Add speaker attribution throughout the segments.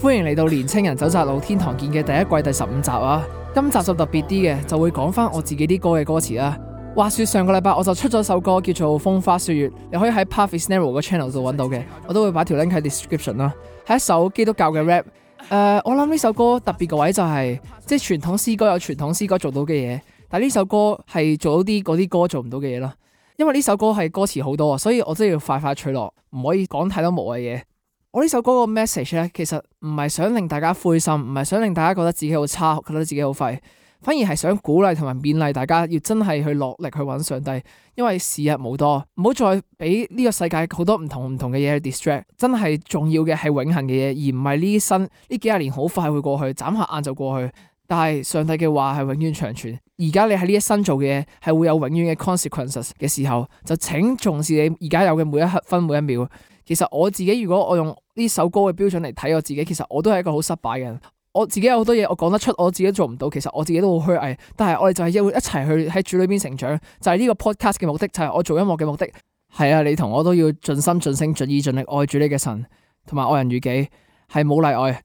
Speaker 1: 歡迎嚟到《年青人走窄路天堂見》嘅第一季第十五集啊！今集就特別啲嘅，就會講翻我自己啲歌嘅歌詞啦。話說上個禮拜我就出咗首歌叫做《風花雪月》，你可以喺 Path is Narrow 個 channel 度揾到嘅，我都會擺條 link 喺 description 啦。係一首基督教嘅 rap，、呃、我諗呢首歌特別個位就係、是、即係傳統詩歌有傳統詩歌做到嘅嘢，但係呢首歌係做到啲嗰啲歌做唔到嘅嘢咯。因為呢首歌係歌詞好多啊，所以我真係要快快取落，唔可以講太多無謂嘢。我呢首歌個 message 咧，其實唔係想令大家灰心，唔係想令大家覺得自己好差，覺得自己好廢，反而係想鼓勵同埋勉勵大家，要真係去落力去揾上帝，因為時日無多，唔好再俾呢個世界好多唔同唔同嘅嘢去 distract。真係重要嘅係永恆嘅嘢，而唔係呢一生呢幾廿年好快會過去，眨下眼就過去。但係上帝嘅話係永遠長存。而家你喺呢一生做嘅嘢，係會有永遠嘅 consequences 嘅時候，就請重視你而家有嘅每一分每一秒。其實我自己，如果我用呢首歌嘅標準嚟睇我自己，其實我都係一個好失敗嘅人。我自己有好多嘢我講得出，我自己做唔到。其實我自己都好虛偽。但係我哋就係一一齊去喺主裏邊成長，就係呢個 podcast 嘅目的，就係我做音樂嘅目的。係啊，你同我都要盡心盡性盡意盡力愛主你嘅神，同埋愛人如己，係冇例外。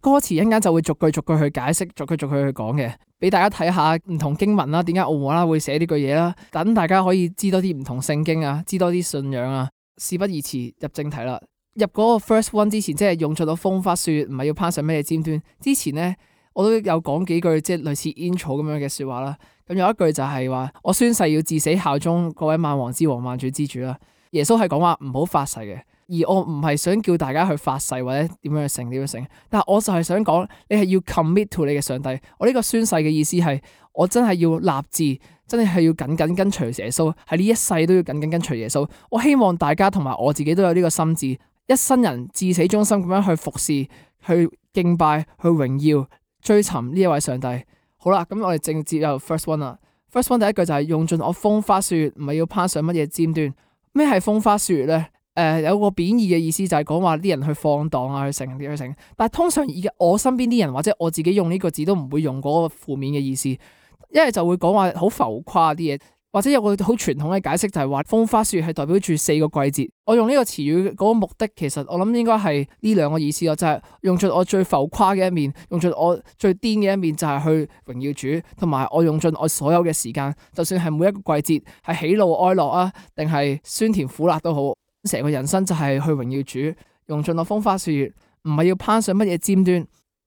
Speaker 1: 歌詞一陣間就會逐句逐句去解釋，逐句逐句逐句去講嘅，俾大家睇下唔同經文啦，點解奧摩啦會寫呢句嘢啦，等大家可以知多啲唔同聖經啊，知多啲信仰啊。事不宜遲，入正題啦。入嗰個 first one 之前，即係用咗到風花雪月，唔係要攀上咩尖端。之前咧，我都有講幾句，即係類似 intro 咁樣嘅說話啦。咁有一句就係話，我宣誓要至死效忠各位萬王之王、萬主之主啦。耶穌係講話唔好發誓嘅，而我唔係想叫大家去發誓或者點樣去成點樣成，但係我就係想講，你係要 commit to 你嘅上帝。我呢個宣誓嘅意思係。我真係要立志，真係係要緊緊跟隨耶穌，喺呢一世都要緊緊跟隨耶穌。我希望大家同埋我自己都有呢個心志，一生人至死忠心咁樣去服侍、去敬拜、去榮耀、追尋呢一位上帝。好啦，咁我哋正接又 first one 啦。first one 第一句就係、是，用盡我風花雪月，唔係要攀上乜嘢尖端咩？係風花雪月咧？誒、呃，有個貶義嘅意思就係講話啲人去放蕩啊，去成啲去成。但係通常而家我身邊啲人或者我自己用呢個字都唔會用嗰個負面嘅意思。一係就會講話好浮誇啲嘢，或者有個好傳統嘅解釋就係話風花雪月係代表住四個季節。我用呢個詞語嗰個目的，其實我諗應該係呢兩個意思咯，就係、是、用盡我最浮誇嘅一面，用盡我最癲嘅一面，就係去榮耀主，同埋我用盡我所有嘅時間，就算係每一個季節係喜怒哀樂啊，定係酸甜苦辣都好，成個人生就係去榮耀主，用盡我風花雪月，唔係要攀上乜嘢尖端。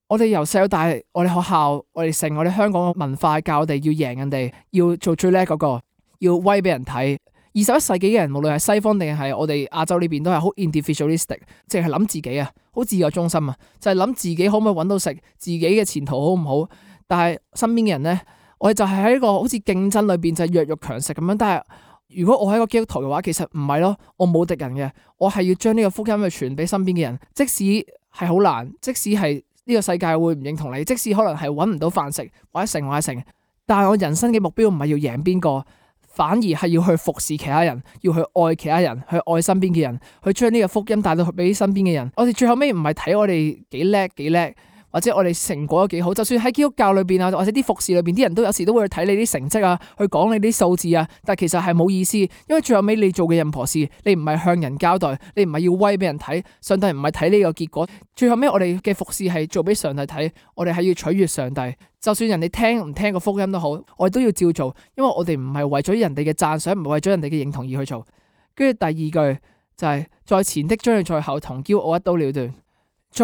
Speaker 1: 我哋由細到大，我哋學校，我哋成我哋香港嘅文化教我哋要贏人哋，要做最叻嗰個，要威俾人睇。二十一世紀嘅人，無論係西方定係我哋亞洲呢邊，都係好 individualistic，淨係諗自己啊，好自我中心啊，就係諗自己可唔可以搵到食，自己嘅前途好唔好。但係身邊嘅人咧，我哋就係喺一個好似競爭裏邊就係弱肉強食咁樣。但係如果我喺個基督徒嘅話，其實唔係咯，我冇敵人嘅，我係要將呢個福音去傳俾身邊嘅人，即使係好難，即使係。呢個世界會唔認同你，即使可能係揾唔到飯食，或者成，或者成。但係我人生嘅目標唔係要贏邊個，反而係要去服侍其他人，要去愛其他人，去愛身邊嘅人，去將呢個福音帶到俾身邊嘅人。我哋最後尾唔係睇我哋幾叻幾叻。或者我哋成果有幾好，就算喺基督教裏邊啊，或者啲服侍裏邊，啲人都有時都會去睇你啲成績啊，去講你啲數字啊，但其實係冇意思，因為最後尾你做嘅任何事，你唔係向人交代，你唔係要威俾人睇，上帝唔係睇呢個結果，最後尾我哋嘅服侍係做俾上帝睇，我哋係要取悅上帝，就算人哋聽唔聽個福音都好，我哋都要照做，因為我哋唔係為咗人哋嘅讚賞，唔係為咗人哋嘅認同而去做。跟住第二句就係在前的將要在後同驕傲一刀了斷。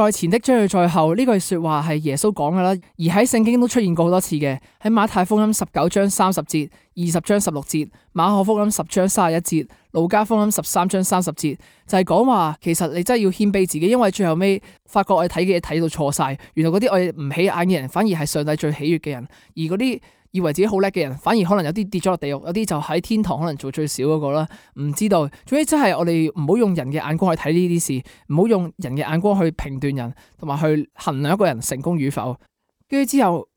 Speaker 1: 在前的將要在後，呢、這、句、個、說話係耶穌講噶啦，而喺聖經都出現過好多次嘅。喺馬太福音十九章三十節、二十章十六節、馬可福音十章三十一節、路加福音十三章三十節，就係、是、講話其實你真係要謙卑自己，因為最後尾發覺我哋睇嘅嘢睇到錯晒，原來嗰啲我哋唔起眼嘅人，反而係上帝最喜悅嘅人，而嗰啲。以為自己好叻嘅人，反而可能有啲跌咗落地獄，有啲就喺天堂，可能做最少嗰個啦，唔知道。總之真係我哋唔好用人嘅眼光去睇呢啲事，唔好用人嘅眼光去評斷人，同埋去衡量一個人成功與否。跟住之後，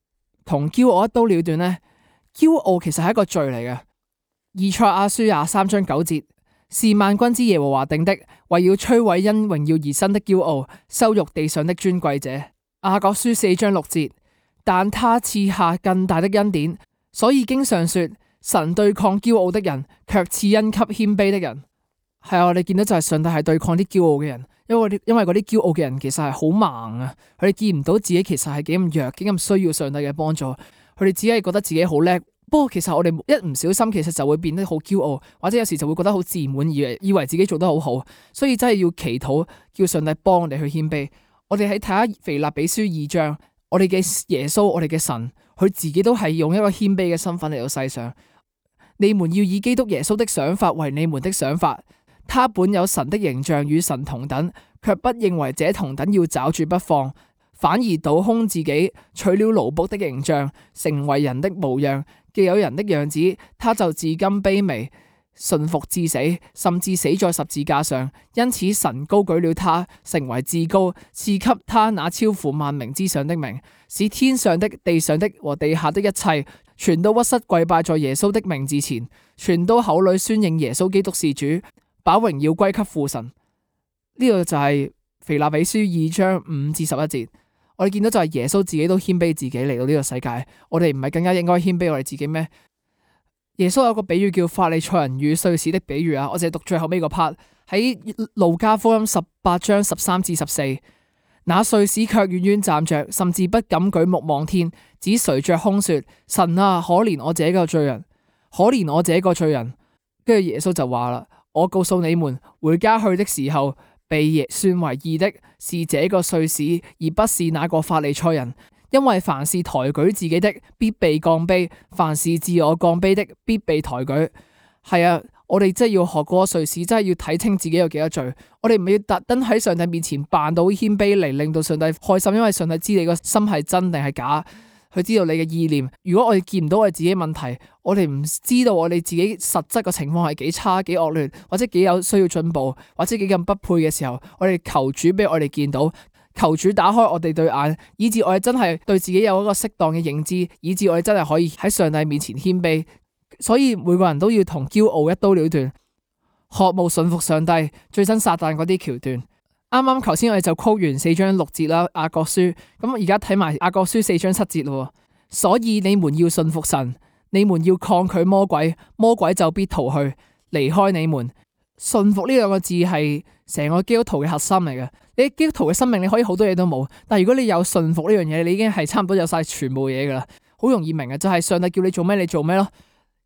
Speaker 1: 同驕傲一刀了斷呢，驕傲其實係一個罪嚟嘅。以賽亞書廿三章九節，是萬軍之耶和華定的，為要摧毀因榮耀而生的驕傲，羞辱地上的尊貴者。雅各書四章六節。但他賜下更大的恩典，所以經常說，神對抗驕傲的人，卻賜恩給謙卑的人。係啊，我哋見到就係上帝係對抗啲驕傲嘅人，因為因為嗰啲驕傲嘅人其實係好盲啊，佢哋見唔到自己其實係幾咁弱，幾咁需要上帝嘅幫助，佢哋只係覺得自己好叻。不過其實我哋一唔小心，其實就會變得好驕傲，或者有時就會覺得好自滿，而以為自己做得好好。所以真係要祈禱，叫上帝幫我哋去謙卑。我哋喺睇下腓立比書二章。我哋嘅耶穌，我哋嘅神，佢自己都係用一個謙卑嘅身份嚟到世上。你們要以基督耶穌的想法為你們的想法。他本有神的形象，與神同等，卻不認為這同等要抓住不放，反而倒空自己，取了奴僕的形象，成為人的模樣。既有人的樣子，他就自甘卑微。順服至死，甚至死在十字架上，因此神高舉了他，成為至高，賜給他那超乎萬名之上的名，使天上的、地上的和地下的一切，全都屈膝跪拜在耶穌的名字前，全都口裏宣認耶穌基督是主，把榮耀歸給父神。呢個就係腓立比書二章五至十一節，我哋見到就係耶穌自己都謙卑自己嚟到呢個世界，我哋唔係更加應該謙卑我哋自己咩？耶穌有個比喻叫法利賽人與稅吏的比喻啊，我淨係讀最後尾個 part。喺路加福音十八章十三至十四，那稅吏卻遠遠站着，甚至不敢舉目望天，只捶着胸說：神啊，可憐我這個罪人，可憐我這個罪人。跟住耶穌就話啦：我告訴你們，回家去的時候，被算為義的是這個稅吏，而不是那個法利賽人。因為凡是抬舉自己的，必被降卑；凡是自我降卑的，必被抬舉。係啊，我哋真係要學過隨時，真係要睇清自己有幾多罪。我哋唔係要特登喺上帝面前扮到謙卑嚟，令到上帝開心，因為上帝知你個心係真定係假，佢知道你嘅意念。如果我哋見唔到我哋自己嘅問題，我哋唔知道我哋自己實質嘅情況係幾差，幾惡劣，或者幾有需要進步，或者幾咁不配嘅時候，我哋求主俾我哋見到。求主打開我哋對眼，以致我哋真係對自己有一個適當嘅認知，以致我哋真係可以喺上帝面前謙卑。所以每個人都要同驕傲一刀了斷，學務順服上帝，最新撒旦嗰啲橋段。啱啱頭先我哋就 quote 完四章六節啦，雅各書。咁而家睇埋雅各書四章七節咯。所以你們要順服神，你們要抗拒魔鬼，魔鬼就必逃去離開你們。順服呢兩個字係。成個基督徒嘅核心嚟嘅，你基督徒嘅生命，你可以好多嘢都冇，但係如果你有信服呢樣嘢，你已經係差唔多有晒全部嘢噶啦，好容易明嘅，就係上帝叫你做咩你做咩咯。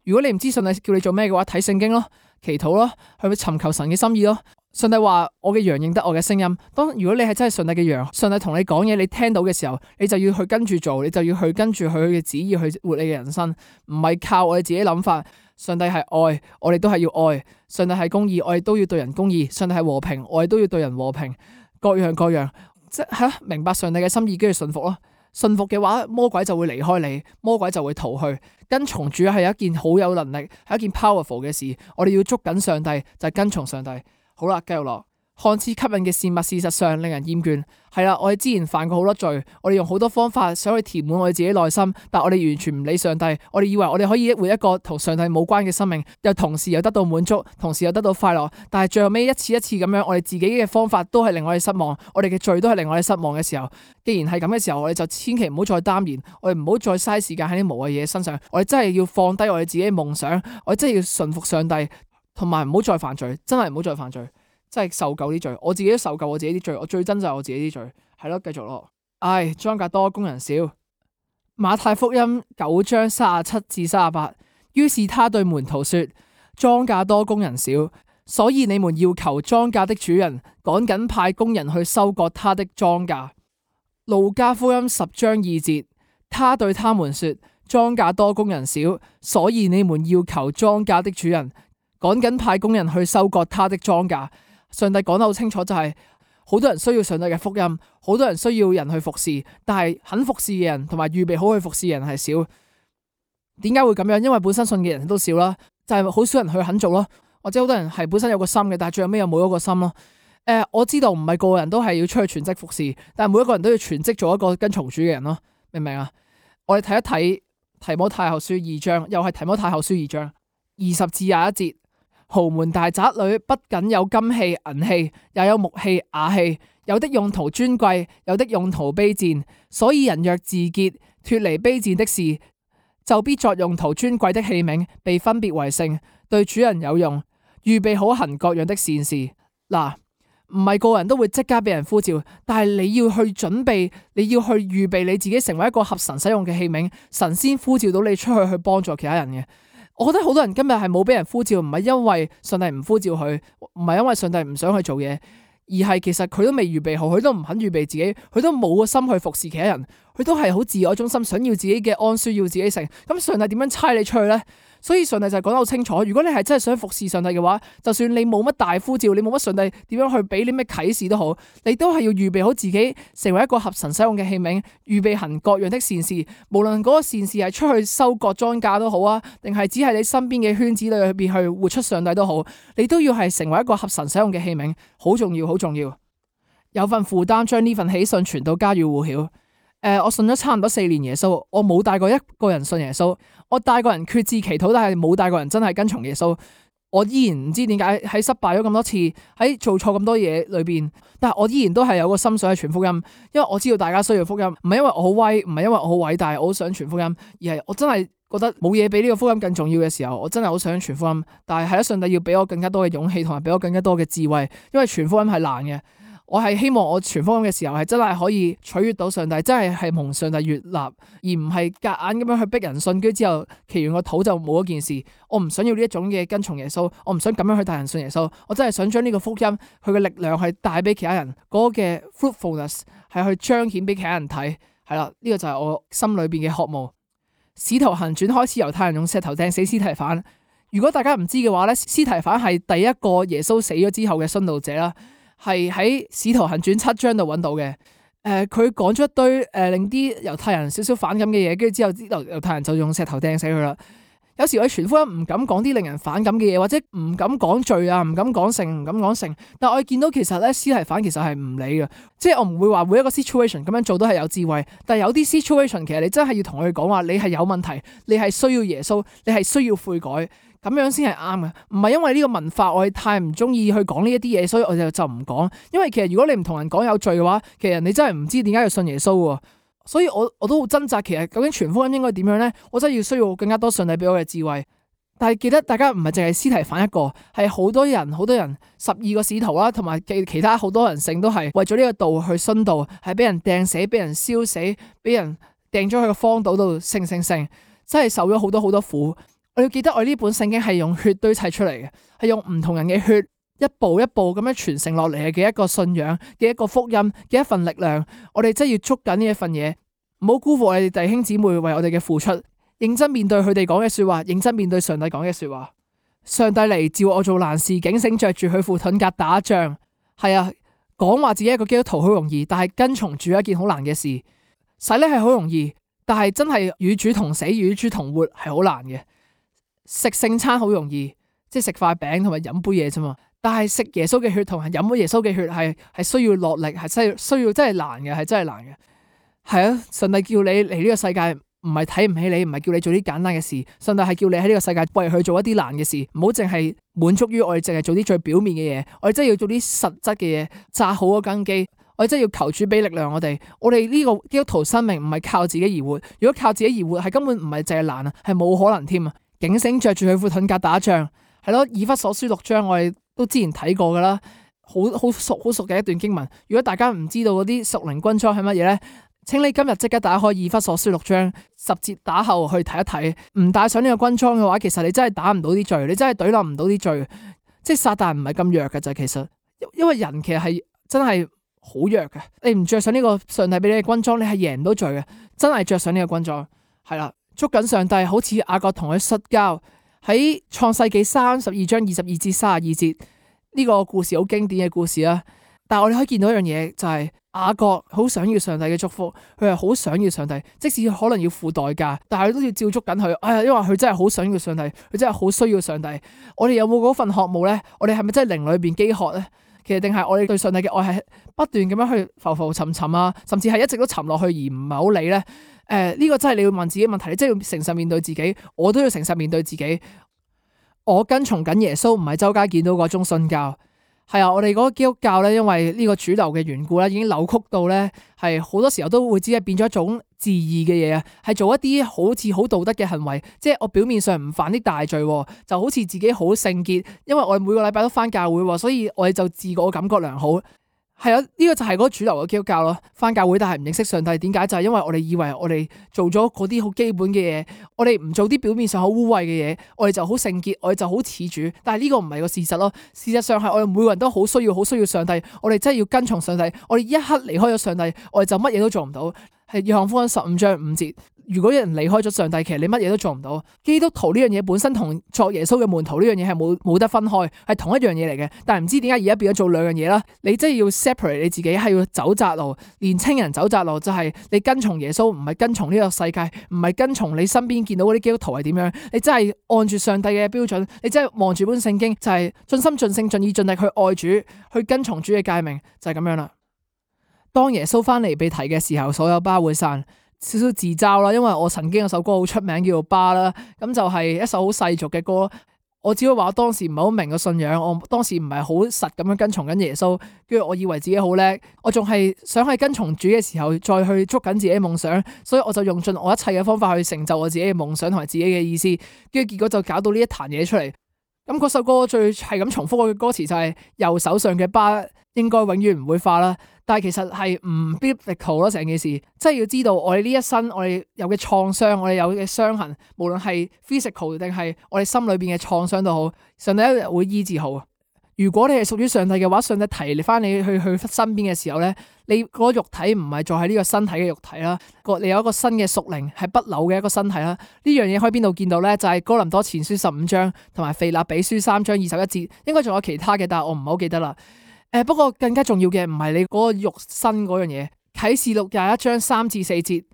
Speaker 1: 如果你唔知上帝叫你做咩嘅話，睇聖經咯，祈禱咯，去尋求神嘅心意咯。上帝話：我嘅羊認得我嘅聲音。當如果你係真係上帝嘅羊，上帝同你講嘢，你聽到嘅時候，你就要去跟住做，你就要去跟住佢嘅旨意去活你嘅人生，唔係靠我哋自己諗法。上帝係愛，我哋都係要愛；上帝係公義，我哋都要對人公義；上帝係和平，我哋都要對人和平。各樣各樣，即係明白上帝嘅心意，跟住信服咯。信服嘅話，魔鬼就會離開你，魔鬼就會逃去。跟從主係一件好有能力，係一件 powerful 嘅事。我哋要捉緊上帝，就係跟從上帝。好啦，繼續落。看似吸引嘅事物，事實上令人厭倦。係啦，我哋之前犯過好多罪，我哋用好多方法想去填滿我哋自己內心，但我哋完全唔理上帝。我哋以為我哋可以活一個同上帝冇關嘅生命，又同時又得到滿足，同時又得到快樂。但係最後尾，一次一次咁樣，我哋自己嘅方法都係令我哋失望，我哋嘅罪都係令我哋失望嘅時候。既然係咁嘅時候，我哋就千祈唔好再耽延，我哋唔好再嘥時間喺啲無謂嘢身上。我哋真係要放低我哋自己嘅夢想，我哋真係要順服上帝。同埋唔好再犯罪，真係唔好再犯罪，真係受夠啲罪。我自己都受夠我自己啲罪，我最憎就係我自己啲罪。係咯，繼續咯。唉，莊稼多，工人少。馬太福音九章三十七至三十八，於是他對門徒說：莊稼多，工人少，所以你們要求莊稼的主人趕緊派工人去收割他的莊稼。路加福音十章二節，他對他們說：莊稼多，工人少，所以你們要求莊稼的主人。趕緊派工人去收割他的莊稼。上帝講得好清楚，就是，就係好多人需要上帝嘅福音，好多人需要人去服侍。但係肯服侍嘅人同埋預備好去服侍嘅人係少。點解會咁樣？因為本身信嘅人都少啦，就係、是，好少人去肯做咯，或者好多人係本身有個心嘅，但係最後尾又冇一個心咯。誒、呃，我知道唔係個個人都係要出去全職服侍，但係每一個人都要全職做一個跟從主嘅人咯。明唔明啊？我哋睇一睇提摩太後書二章，又係提摩太後書二章二十至廿一節。豪門大宅裏不僅有金器、銀器，也有木器、瓦器，有的用途尊貴，有的用途卑賤。所以人若自潔，脫離卑賤的事，就必作用途尊貴的器皿，被分別為聖，對主人有用。預備好行各樣的善事。嗱，唔係個人都會即刻俾人呼召，但係你要去準備，你要去預備你自己成為一個合神使用嘅器皿，神先呼召到你出去去幫助其他人嘅。我覺得好多人今日係冇俾人呼召，唔係因為上帝唔呼召佢，唔係因為上帝唔想佢做嘢，而係其實佢都未預備好，佢都唔肯預備自己，佢都冇個心去服侍其他人，佢都係好自我中心，想要自己嘅安舒，要自己成，咁上帝點樣差你出去咧？所以上帝就講得好清楚，如果你係真係想服侍上帝嘅話，就算你冇乜大呼召，你冇乜上帝點樣去俾你咩啟示都好，你都係要預備好自己成為一個合神使用嘅器皿，預備行各樣的善事，無論嗰個善事係出去收割莊稼都好啊，定係只係你身邊嘅圈子裏邊去活出上帝都好，你都要係成為一個合神使用嘅器皿，好重要，好重要，有份負擔將呢份喜訊傳到家喻戶曉。誒、呃，我信咗差唔多四年耶穌，我冇帶過一個人信耶穌，我帶個人決志祈禱，但係冇帶個人真係跟從耶穌。我依然唔知點解喺失敗咗咁多次，喺做錯咁多嘢裏邊，但係我依然都係有個心想去傳福音，因為我知道大家需要福音，唔係因為我好威，唔係因為我好偉大，我好想傳福音，而係我真係覺得冇嘢比呢個福音更重要嘅時候，我真係好想傳福音。但係喺上帝要俾我更加多嘅勇氣，同埋俾我更加多嘅智慧，因為傳福音係難嘅。我係希望我傳福音嘅時候係真係可以取悅到上帝，真係係蒙上帝悅納，而唔係夾硬咁樣去逼人信。跟住之後，祈完個肚就冇一件事。我唔想要呢一種嘅跟從耶穌，我唔想咁樣去帶人信耶穌。我真係想將呢個福音，佢嘅力量係帶俾其他人嗰嘅、那個、fruitfulness，係去彰顯俾其他人睇。係啦，呢、這個就係我心裏邊嘅渴望。使徒行傳開始，猶太人用石頭掟死司提反。如果大家唔知嘅話咧，司提反係第一個耶穌死咗之後嘅殉道者啦。係喺《使徒行傳》七章度揾到嘅，誒、呃，佢講咗一堆誒、呃、令啲猶太人少少反感嘅嘢，跟住之後啲猶猶太人就用石頭掟死佢啦。有時我傳福音唔敢講啲令人反感嘅嘢，或者唔敢講罪啊，唔敢講性，唔敢講性。但係我見到其實咧，司提反，其實係唔理嘅，即係我唔會話每一個 situation 咁樣做都係有智慧。但係有啲 situation，其實你真係要同佢講話，你係有問題，你係需要耶穌，你係需要悔改。咁樣先係啱嘅，唔係因為呢個文化我太唔中意去講呢一啲嘢，所以我哋就唔講。因為其實如果你唔同人講有罪嘅話，其實你真係唔知點解要信耶穌。所以我我都好掙扎，其實究竟傳福音應該點樣咧？我真係要需要更加多上帝俾我嘅智慧。但係記得大家唔係淨係司提反一個，係好多人，好多人，十二個使徒啦，同埋其他好多人性都係為咗呢個道去殉道，係俾人掟死，俾人燒死，俾人掟咗去個荒島度，成成成，真係受咗好多好多苦。我要記得我呢本聖經係用血堆砌出嚟嘅，係用唔同人嘅血一步一步咁樣傳承落嚟嘅一個信仰嘅一個福音嘅一,一份力量。我哋真係要捉緊呢一份嘢，唔好辜負我哋弟兄姊妹為我哋嘅付出，認真面對佢哋講嘅說話，認真面對上帝講嘅說話。上帝嚟召我做難事，警醒着住，去付盾甲打仗。係啊，講話自己一個基督徒好容易，但係跟從主一件好難嘅事。洗禮係好容易，但係真係與主同死與主同活係好難嘅。食聖餐好容易，即係食塊餅同埋飲杯嘢啫嘛。但係食耶穌嘅血同埋飲咗耶穌嘅血，係係需要落力，係需需要，需要真係難嘅，係真係難嘅。係啊，上帝叫你嚟呢個世界，唔係睇唔起你，唔係叫你做啲簡單嘅事。上帝係叫你喺呢個世界為你去做一啲難嘅事，唔好淨係滿足於我哋淨係做啲最表面嘅嘢。我哋真係要做啲實質嘅嘢，紮好個根基。我哋真係要求主俾力量我哋。我哋呢個基督徒生命唔係靠自己而活，如果靠自己而活，係根本唔係淨係難啊，係冇可能添啊。警醒着住佢副盾甲打仗，係咯，《以弗所書》六章，我哋都之前睇過噶啦，好好熟好熟嘅一段經文。如果大家唔知道嗰啲屬靈軍裝係乜嘢咧？請你今日即刻打開《以弗所書》六章十節打後去睇一睇。唔帶上呢個軍裝嘅話，其實你真係打唔到啲罪，你真係懟冧唔到啲罪。即係撒旦唔係咁弱嘅就其實，因因為人其實係真係好弱嘅。你唔着上呢個上帝俾你嘅軍裝，你係贏唔到罪嘅。真係着上呢個軍裝，係啦。捉緊上帝，好似雅各同佢摔跤，喺創世紀三十二章二十二至三十二節，呢個故事好經典嘅故事啦。但係我哋可以見到一樣嘢，就係雅各好想要上帝嘅祝福，佢係好想要上帝，即使可能要付代價，但係都要照捉緊佢。哎呀，因為佢真係好想要上帝，佢真係好需要上帝。我哋有冇嗰份渴慕咧？我哋係咪真係靈裏邊飢渴咧？其實定係我哋對上帝嘅愛係不斷咁樣去浮浮沉沉啊，甚至係一直都沉落去而唔係好理咧。誒、呃、呢，這個真係你要問自己問題，你真係要誠實面對自己。我都要誠實面對自己。我跟從緊耶穌，唔係周街見到個種信教。係啊，我哋嗰個基督教咧，因為呢個主流嘅緣故啦，已經扭曲到咧，係好多時候都會只係變咗一種自義嘅嘢，啊，係做一啲好似好道德嘅行為，即係我表面上唔犯啲大罪喎，就好似自己好聖潔，因為我哋每個禮拜都翻教會喎，所以我哋就自我感覺良好。係啊，呢個就係嗰主流嘅基督教咯。返教會但係唔認識上帝，點解？就係因為我哋以為我哋做咗嗰啲好基本嘅嘢，我哋唔做啲表面上好污穢嘅嘢，我哋就好聖潔，我哋就好似主。但係呢個唔係個事實咯。事實上係我哋每個人都好需要，好需要上帝。我哋真係要跟從上帝。我哋一刻離開咗上帝，我哋就乜嘢都做唔到。係約翰福音十五章五節。如果有人離開咗上帝，其實你乜嘢都做唔到。基督徒呢樣嘢本身同作耶穌嘅門徒呢樣嘢係冇冇得分開，係同一樣嘢嚟嘅。但係唔知點解而家變咗做兩樣嘢啦。你真係要 separate 你自己，係要走窄路。年青人走窄路就係你跟從耶穌，唔係跟從呢個世界，唔係跟從你身邊見到嗰啲基督徒係點樣。你真係按住上帝嘅標準，你真係望住本聖經，就係盡心盡性盡意盡力去愛主，去跟從主嘅誡命，就係咁樣啦。當耶穌翻嚟被提嘅時候，所有巴會散。少少自嘲啦，因為我曾經有首歌好出名，叫做《巴》啦，咁、嗯、就係、是、一首好世俗嘅歌。我只可以話我當時唔係好明個信仰，我當時唔係好實咁樣跟從緊耶穌，跟住我以為自己好叻，我仲係想喺跟從主嘅時候再去捉緊自己嘅夢想，所以我就用盡我一切嘅方法去成就我自己嘅夢想同埋自己嘅意思，跟住結果就搞到呢一壇嘢出嚟。咁、嗯、嗰首歌最係咁重複我嘅歌詞就係右手上嘅巴。應該永遠唔會化啦，但係其實係唔 biblical 咯，成件事，即係要知道我哋呢一生，我哋有嘅創傷，我哋有嘅傷痕，無論係 physical 定係我哋心裏邊嘅創傷都好，上帝一日會醫治好。如果你係屬於上帝嘅話，上帝提你翻你去去身邊嘅時候咧，你嗰肉體唔係再係呢個身體嘅肉體啦，個你有一個新嘅屬靈係不朽嘅一個身體啦。呢樣嘢喺邊度見到咧？就係、是、哥林多前書十五章同埋腓立比書三章二十一節，應該仲有其他嘅，但係我唔好記得啦。呃、不過更加重要嘅唔係你嗰個肉身嗰樣嘢。啟示錄廿一章三至四節，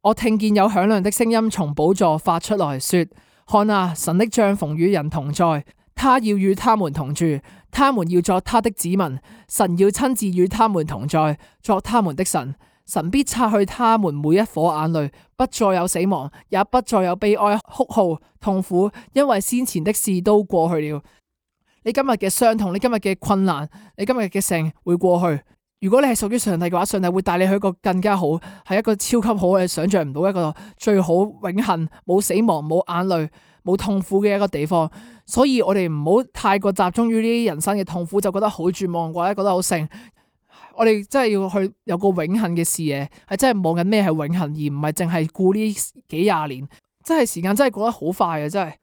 Speaker 1: 我聽見有響亮的聲音從寶座發出來說：看啊，神的帳篷與人同在，他要與他們同住，他們要作他的子民，神要親自與他們同在，作他們的神。神必擦去他們每一顆眼淚，不再有死亡，也不再有悲哀、哭號、痛苦，因為先前的事都過去了。你今日嘅傷痛，你今日嘅困難，你今日嘅剩會過去。如果你係屬於上帝嘅話，上帝會帶你去一個更加好，係一個超級好嘅，想象唔到一個最好永恆、冇死亡、冇眼淚、冇痛苦嘅一個地方。所以我哋唔好太過集中於呢啲人生嘅痛苦，就覺得好絕望或者覺得好剩。我哋真係要去有個永恆嘅視野，係真係望緊咩係永恆，而唔係淨係顧呢幾廿年。真係時間真係過得好快啊！真係，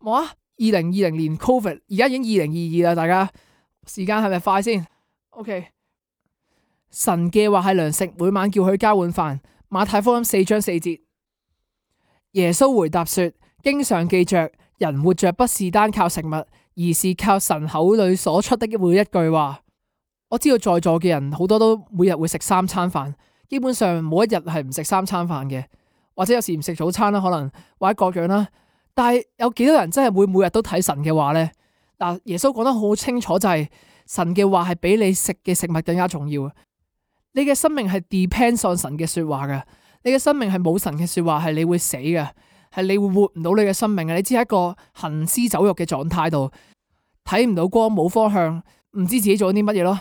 Speaker 1: 冇啊。二零二零年 Covid，而家已經二零二二啦，大家時間係咪快先？OK，神嘅話係糧食，每晚叫佢交碗飯。馬太福音四章四節，耶穌回答說：經上記着人活着不是單靠食物，而是靠神口裏所出的每一句話。我知道在座嘅人好多都每日會食三餐飯，基本上每一日係唔食三餐飯嘅，或者有時唔食早餐啦，可能或者各樣啦。但係有幾多人真係會每日都睇神嘅話咧？嗱，耶穌講得好清楚，就是，就係神嘅話係比你食嘅食物更加重要。你嘅生命係 depend 上神嘅說話嘅，你嘅生命係冇神嘅說話，係你會死嘅，係你會活唔到你嘅生命嘅。你只係一個行屍走肉嘅狀態度，睇唔到光，冇方向，唔知自己做咗啲乜嘢咯。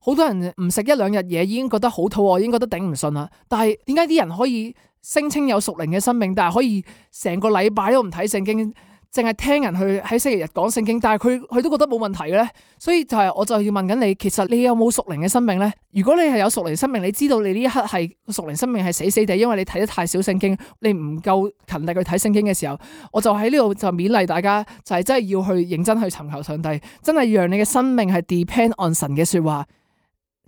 Speaker 1: 好多人唔食一兩日嘢已經覺得好肚餓，已經覺得頂唔順啦。但係點解啲人可以？聲稱有屬靈嘅生命，但係可以成個禮拜都唔睇聖經，淨係聽人去喺星期日講聖經，但係佢佢都覺得冇問題嘅咧。所以就係我就要問緊你，其實你有冇屬靈嘅生命咧？如果你係有屬靈生命，你知道你呢一刻係屬靈生命係死死地，因為你睇得太少聖經，你唔夠勤力去睇聖經嘅時候，我就喺呢度就勉勵大家，就係真係要去認真去尋求上帝，真係讓你嘅生命係 depend on 神嘅說話。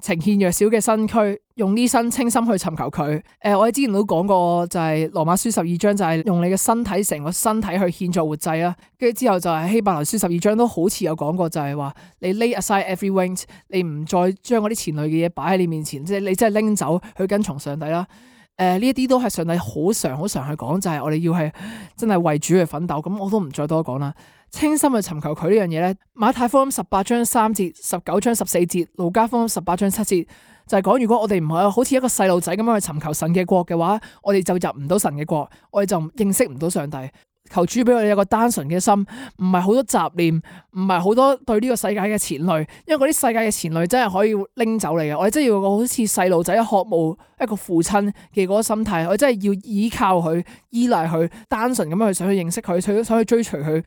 Speaker 1: 呈獻弱小嘅身軀，用呢身清心去尋求佢。誒、呃，我哋之前都講過，就係、是、羅馬書十二章就係用你嘅身體，成個身體去獻作活祭啦。跟住之後就係希伯來書十二章都好似有講過就，就係話你 lay aside every weight 你唔再將嗰啲前類嘅嘢擺喺你面前，即、就、係、是、你真係拎走去跟從上帝啦。誒、呃，呢一啲都係上帝好常、好常去講，就係、是、我哋要係真係為主去奮鬥。咁我都唔再多講啦。清心去尋求佢呢樣嘢咧，馬太福音十八章三節、十九章十四節，路加福音十八章七節，就係、是、講如果我哋唔係好似一個細路仔咁樣去尋求神嘅國嘅話，我哋就入唔到神嘅國，我哋就認識唔到上帝。求主俾我哋有個單純嘅心，唔係好多雜念，唔係好多對呢個世界嘅前累，因為嗰啲世界嘅前累真係可以拎走嚟嘅。我哋真係要個好似細路仔渴慕一個父親嘅嗰個心態，我真係要依靠佢、依賴佢，單純咁樣去想去認識佢，去想去追隨佢。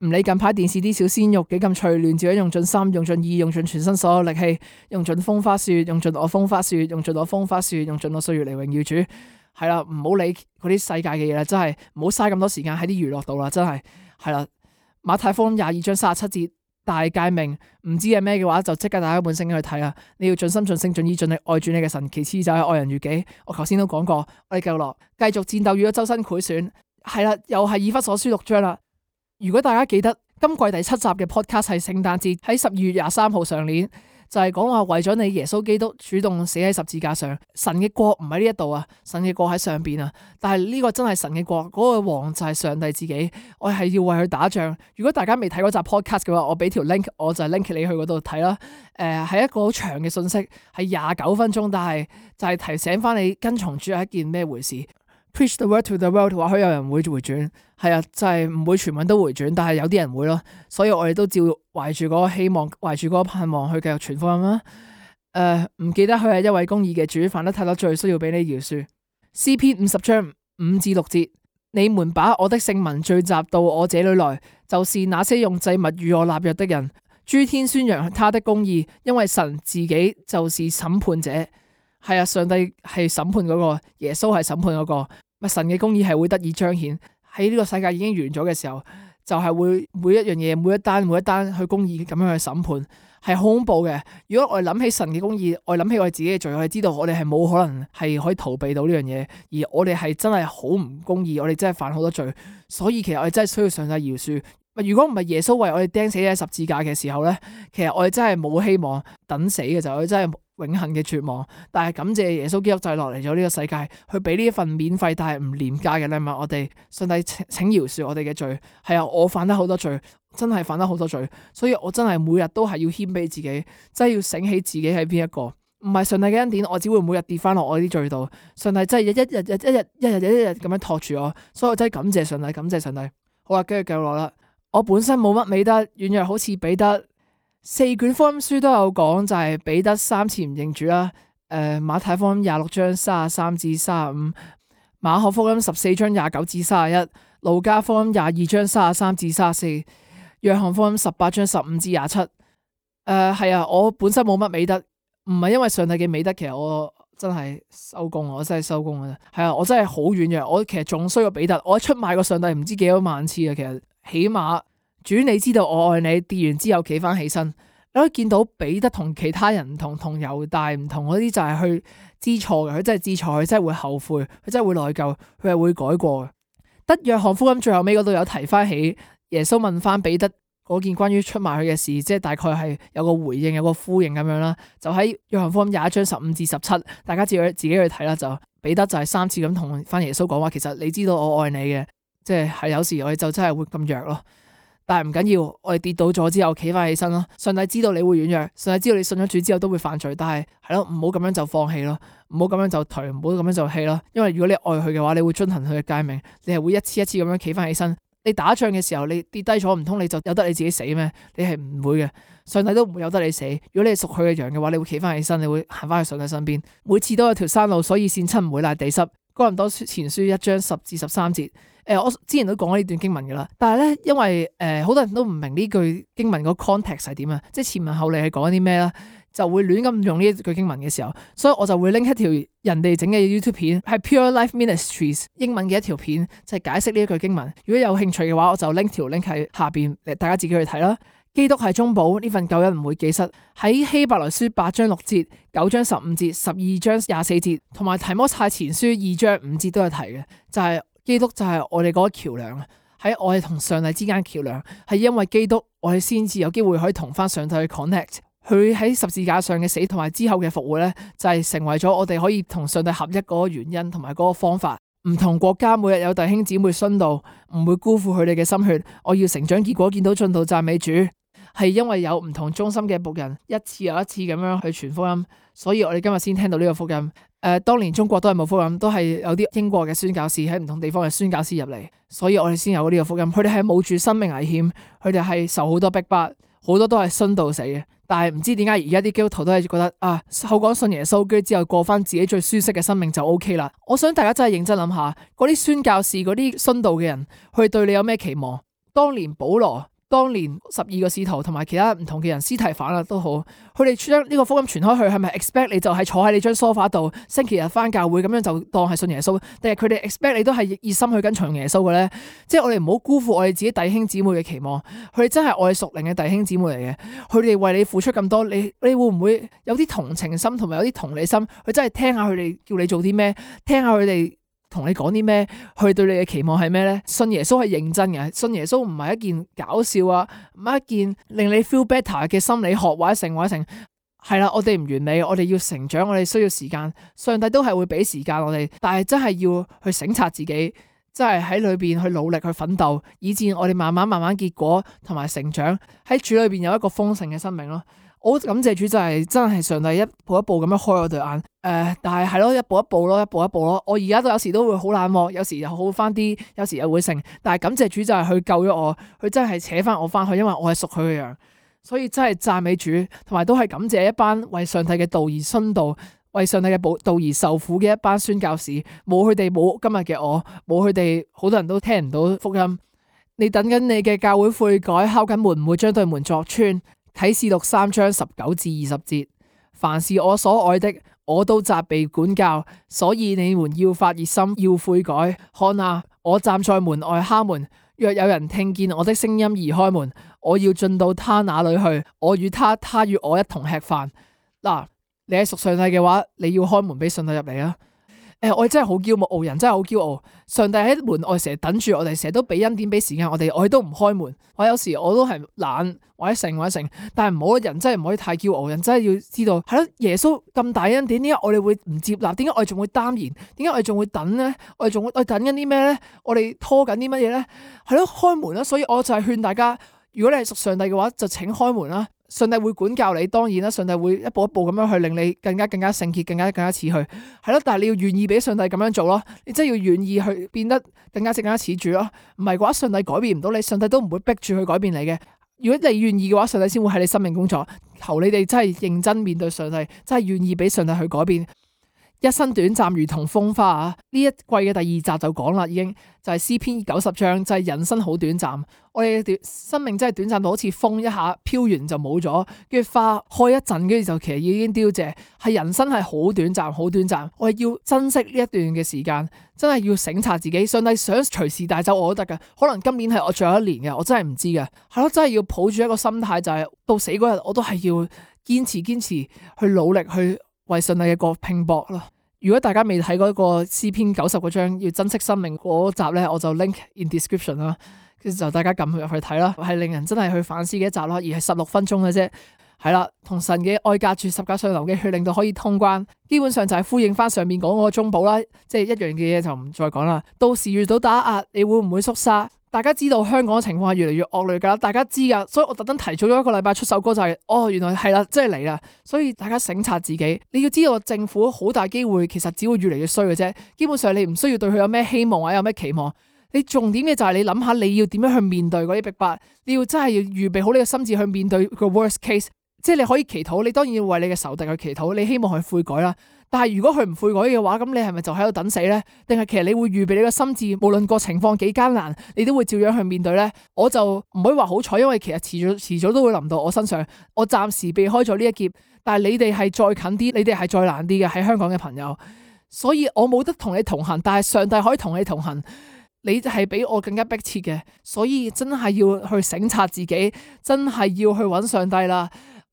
Speaker 1: 唔理近排電視啲小鮮肉幾咁脆嫩，自己用盡心、用盡意、用盡全身所有力氣，用盡風花雪，用盡我風花雪，用盡我風花雪，用盡我歲月嚟榮耀主。係啦，唔好理嗰啲世界嘅嘢啦，真係唔好嘥咁多時間喺啲娛樂度啦，真係係啦。馬太福音廿二章三十七節大誡命，唔知係咩嘅話，就即刻打開本聖經去睇啦。你要盡心準、盡性、盡意、盡力愛住你嘅神，其次就係愛人如己。我頭先都講過，我哋繼續落繼續戰鬥，遇到周身瘀損。係啦，又係以弗所書六章啦。如果大家記得今季第七集嘅 podcast 係聖誕節喺十二月廿三號上年，就係講話為咗你耶穌基督主動死喺十字架上，神嘅國唔喺呢一度啊，神嘅國喺上邊啊，但係呢個真係神嘅國，嗰、那個王就係上帝自己，我係要為佢打仗。如果大家未睇嗰集 podcast 嘅話，我俾條 link，我就係 link 你去嗰度睇啦。誒、呃，係一個好長嘅信息，係廿九分鐘，但係就係提醒翻你跟從主係一件咩回事。Preach the word to the world，或許有人會回轉，係啊，就係、是、唔會全民都回轉，但係有啲人會咯，所以我哋都照懷住嗰個希望，懷住嗰個盼望去繼續傳福音啦。誒、嗯，唔、呃、記得佢係一位公義嘅主，犯得太多罪，需要俾你饒恕。詩篇五十章五至六節，你們把我的聖民聚集到我這裏來，就是那些用祭物與我立約的人。諸天宣揚他的公義，因為神自己就是審判者。係啊，上帝係審判嗰、那個，耶穌係審判嗰、那個。咪神嘅公義係會得以彰顯，喺呢個世界已經完咗嘅時候，就係會每一樣嘢，每一單每一單去公義咁樣去審判，係好恐怖嘅。如果我哋諗起神嘅公義，我哋諗起我哋自己嘅罪，我哋知道我哋係冇可能係可以逃避到呢樣嘢，而我哋係真係好唔公義，我哋真係犯好多罪，所以其實我哋真係需要上帝饒恕。咪如果唔係耶穌為我哋釘死喺十字架嘅時候咧，其實我哋真係冇希望等死嘅，就係真係永恆嘅絕望，但係感謝耶穌基督就落嚟咗呢個世界，去俾呢一份免費但係唔廉價嘅禮物我。我哋上帝請請饒恕我哋嘅罪，係啊，我犯得好多罪，真係犯得好多罪，所以我真係每日都係要謙卑自己，真係要醒起自己係邊一個。唔係上帝嘅恩典，我只會每日跌翻落我啲罪度。上帝真係一日一日一日一日一日咁樣托住我，所以我真係感謝上帝，感謝上帝。好啊，跟住繼續落啦。我本身冇乜美德，軟弱好似彼得。四卷福音書都有講，就係彼得三次唔認主啦、啊。誒、呃，馬太福音廿六章三十三至三十五，35，馬可福音十四章廿九至三十一，路加福音廿二章三十三至三十四，34，約翰福音十八章十五至廿七。誒，係、呃、啊，我本身冇乜美德，唔係因為上帝嘅美德，其實我真係收工，我真係收工啦。係啊，我真係好軟弱，我其實仲衰過彼得，我一出賣個上帝唔知幾多萬次啊。其實起碼，主你知道我愛你，跌完之後企翻起身，你可以見到彼得同其他人唔同，同猶大唔同嗰啲就係去知錯嘅，佢真係知錯，佢真係會後悔，佢真係會內疚，佢係會改過嘅。得約翰福音最後尾嗰度有提翻起耶穌問翻彼得嗰件關於出賣佢嘅事，即係大概係有個回應，有個呼應咁樣啦。就喺約翰福音廿一章十五至十七，大家自己自己去睇啦。就彼得就係三次咁同翻耶穌講話，其實你知道我愛你嘅，即係係有時我哋就真係會咁弱咯。但係唔緊要，我哋跌倒咗之後企翻起身咯。上帝知道你會軟弱，上帝知道你信咗主之後都會犯罪，但係係咯，唔好咁樣就放棄咯，唔好咁樣就頹，唔好咁樣就棄咯。因為如果你愛佢嘅話，你會遵行佢嘅誡命，你係會一次一次咁樣企翻起身。你打仗嘅時候你跌低咗，唔通你就由得你自己死咩？你係唔會嘅。上帝都唔會由得你死。如果你係屬佢嘅羊嘅話，你會企翻起身，你會行翻去上帝身邊。每次都有條山路，所以跣親唔會賴地濕。《哥林多前書》一章十至十三節，誒、呃，我之前都講過呢段經文噶啦，但係咧，因為誒好、呃、多人都唔明呢句經文個 context 係點啊，即係前文後理係講啲咩啦，就會亂咁用呢一句經文嘅時候，所以我就會拎一條人哋整嘅 YouTube 片，係 Pure Life Ministries 英文嘅一條片，就係、是、解釋呢一句經文。如果有興趣嘅話，我就拎一條 link 喺下邊，大家自己去睇啦。基督係中保，呢份救恩唔會記失。喺希伯來書八章六節、九章十五節、十二章廿四節，同埋提摩太前書二章五節都有提嘅，就係、是、基督就係我哋嗰個橋梁啊！喺我哋同上帝之間橋梁，係因為基督，我哋先至有機會可以同返上帝去 connect。佢喺十字架上嘅死同埋之後嘅復活咧，就係、是、成為咗我哋可以同上帝合一嗰個原因同埋嗰個方法。唔同國家每日有弟兄姊妹殉道，唔會辜負佢哋嘅心血。我要成長，結果見到進度，讚美主。係因為有唔同忠心嘅僕人一次又一次咁樣去傳福音，所以我哋今日先聽到呢個福音。誒、呃，當年中國都係冇福音，都係有啲英國嘅宣教士喺唔同地方嘅宣教士入嚟，所以我哋先有呢個福音。佢哋係冒住生命危險，佢哋係受好多逼迫、迫，好多都係殉道死嘅。但係唔知點解而家啲基督徒都係覺得啊，口講信耶穌之後過翻自己最舒適嘅生命就 OK 啦。我想大家真係認真諗下，嗰啲宣教士、嗰啲殉道嘅人，佢哋對你有咩期望？當年保羅。當年十二個使徒同埋其他唔同嘅人，司提反啦都好，佢哋將呢個福音傳開去，係咪 expect 你就係坐喺你張梳化度星期日返教會咁樣就當係信耶穌？定係佢哋 expect 你都係熱心去跟隨耶穌嘅咧？即係我哋唔好辜負我哋自己弟兄姊妹嘅期望，佢哋真係我哋熟鄰嘅弟兄姊妹嚟嘅，佢哋為你付出咁多，你你會唔會有啲同情心同埋有啲同理心？佢真係聽下佢哋叫你做啲咩，聽下佢哋同你講啲咩？佢對你嘅期望係咩咧？信耶穌係認真嘅，信耶穌唔係一件搞笑啊，唔係一件令你 feel better 嘅心理學或者成或者成係啦。我哋唔完美，我哋要成長，我哋需要時間。上帝都係會俾時間我哋，但係真係要去省察自己，真係喺裏邊去努力去奮鬥，以至我哋慢慢慢慢結果同埋成長喺主裏邊有一個豐盛嘅生命咯。我感謝主就係真係上帝一步一步咁樣開我對眼，誒、呃，但係係咯，一步一步咯，一步一步咯。我而家都有時都會好懶，有時又好翻啲，有時又會剩。但係感謝主就係佢救咗我，佢真係扯翻我翻去，因為我係屬佢嘅人。所以真係讚美主，同埋都係感謝一班為上帝嘅道而殉道、為上帝嘅道而受苦嘅一班宣教士。冇佢哋冇今日嘅我，冇佢哋好多人都聽唔到福音。你等緊你嘅教會悔改，敲緊門，唔會將對門鑿穿。睇啟示錄三章十九至二十節，凡是我所愛的，我都責備管教，所以你們要發熱心，要悔改。看啊，我站在門外敲門，若有人聽見我的聲音而開門，我要進到他那裏去，我與他，他與我一同吃飯。嗱、啊，你係屬上帝嘅話，你要開門俾上帝入嚟啊！誒、哎，我真係好驕傲，人真係好驕傲。上帝喺門外成日等住我哋，成日都俾恩典俾時間我哋，我哋都唔開門。我有時我都係懶，或者成或者成。但係唔好，人真係唔可以太驕傲，人真係要知道係咯。耶穌咁大恩典，點解我哋會唔接納？點解我哋仲會擔言？點解我哋仲會等咧？我哋仲我等緊啲咩咧？我哋拖緊啲乜嘢咧？係咯，開門啦！所以我就係勸大家，如果你係屬上帝嘅話，就請開門啦。上帝會管教你，當然啦，上帝會一步一步咁樣去令你更加更加聖潔，更加更加，更加似佢，係咯。但係你要願意俾上帝咁樣做咯，你真係要願意去變得更加更加似主咯。唔係嘅話，上帝改變唔到你，上帝都唔會逼住去改變你嘅。如果你願意嘅話，上帝先會喺你生命工作。求你哋真係認真面對上帝，真係願意俾上帝去改變。一生短暫如同風花啊！呢一季嘅第二集就講啦，已經就係詩篇九十章就係、是、人生好短暫。我哋嘅短生命真係短暫到好似風一下飄完就冇咗，跟住花開一陣，跟住就其實已經凋謝。係人生係好短暫，好短暫。我哋要珍惜呢一段嘅時間，真係要省察自己。上帝想隨時帶走我都得噶，可能今年係我最後一年嘅，我真係唔知噶。係咯，真係要抱住一個心態、就是，就係到死嗰日我都係要堅持堅持去努力去。為上帝嘅國拼搏咯！如果大家未睇過一個詩篇九十嗰章，要珍惜生命嗰集咧，我就 link in description 啦，跟住就大家撳入去睇啦。係令人真係去反思嘅一集咯，而係十六分鐘嘅啫。係啦，同神嘅愛隔住十架上流嘅血，令到可以通關。基本上就係呼應翻上面講嗰個中保啦，即係一樣嘅嘢就唔再講啦。到時遇到打壓，你會唔會縮沙？大家知道香港嘅情況係越嚟越惡劣噶啦，大家知噶，所以我特登提早咗一個禮拜出首歌就係、是、哦，原來係啦，真係嚟啦，所以大家省察自己，你要知道政府好大機會其實只會越嚟越衰嘅啫，基本上你唔需要對佢有咩希望或者有咩期望，你重點嘅，就係你諗下你要點樣去面對嗰啲逼迫，你要真係要預備好你嘅心智去面對個 worst case，即係你可以祈禱，你當然要為你嘅仇敵去祈禱，你希望佢悔改啦。但係如果佢唔悔改嘅話，咁你係咪就喺度等死咧？定係其實你會預備你個心智，無論個情況幾艱難，你都會照樣去面對咧？我就唔可以話好彩，因為其實遲早遲早都會臨到我身上。我暫時避開咗呢一劫，但係你哋係再近啲，你哋係再難啲嘅喺香港嘅朋友，所以我冇得同你同行，但係上帝可以同你同行。你係比我更加迫切嘅，所以真係要去省察自己，真係要去揾上帝啦。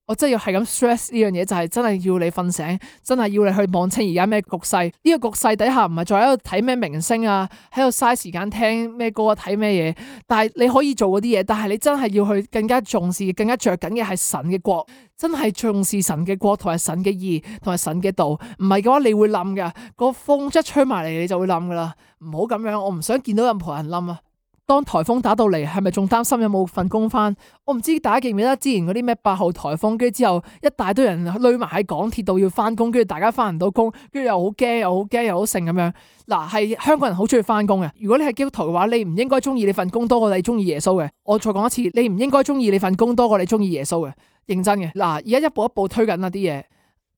Speaker 1: 我真係要係咁 stress 呢樣嘢，就係真係要你瞓醒，真係要你去望清而家咩局勢。呢個局勢底下唔係仲喺度睇咩明星啊，喺度嘥時間聽咩歌啊，睇咩嘢。但係你可以做嗰啲嘢，但係你真係要去更加重視、更加着緊嘅係神嘅國。真係重視神嘅國同埋神嘅義同埋神嘅道。唔係嘅話你會冧㗎，個風一吹埋嚟你就會冧噶啦。唔好咁樣，我唔想見到任何人冧啊。當台風打到嚟，係咪仲擔心有冇份工翻？我唔知大家記唔記得之前嗰啲咩八號台風，跟住之後一大堆人匿埋喺港鐵度要翻工，跟住大家翻唔到工，跟住又好驚又好驚又好剩咁樣。嗱，係香港人好中意翻工嘅。如果你係基督徒嘅話，你唔應該中意你份工多過你中意耶穌嘅。我再講一次，你唔應該中意你份工多過你中意耶穌嘅，認真嘅。嗱，而家一步一步推緊嗰啲嘢，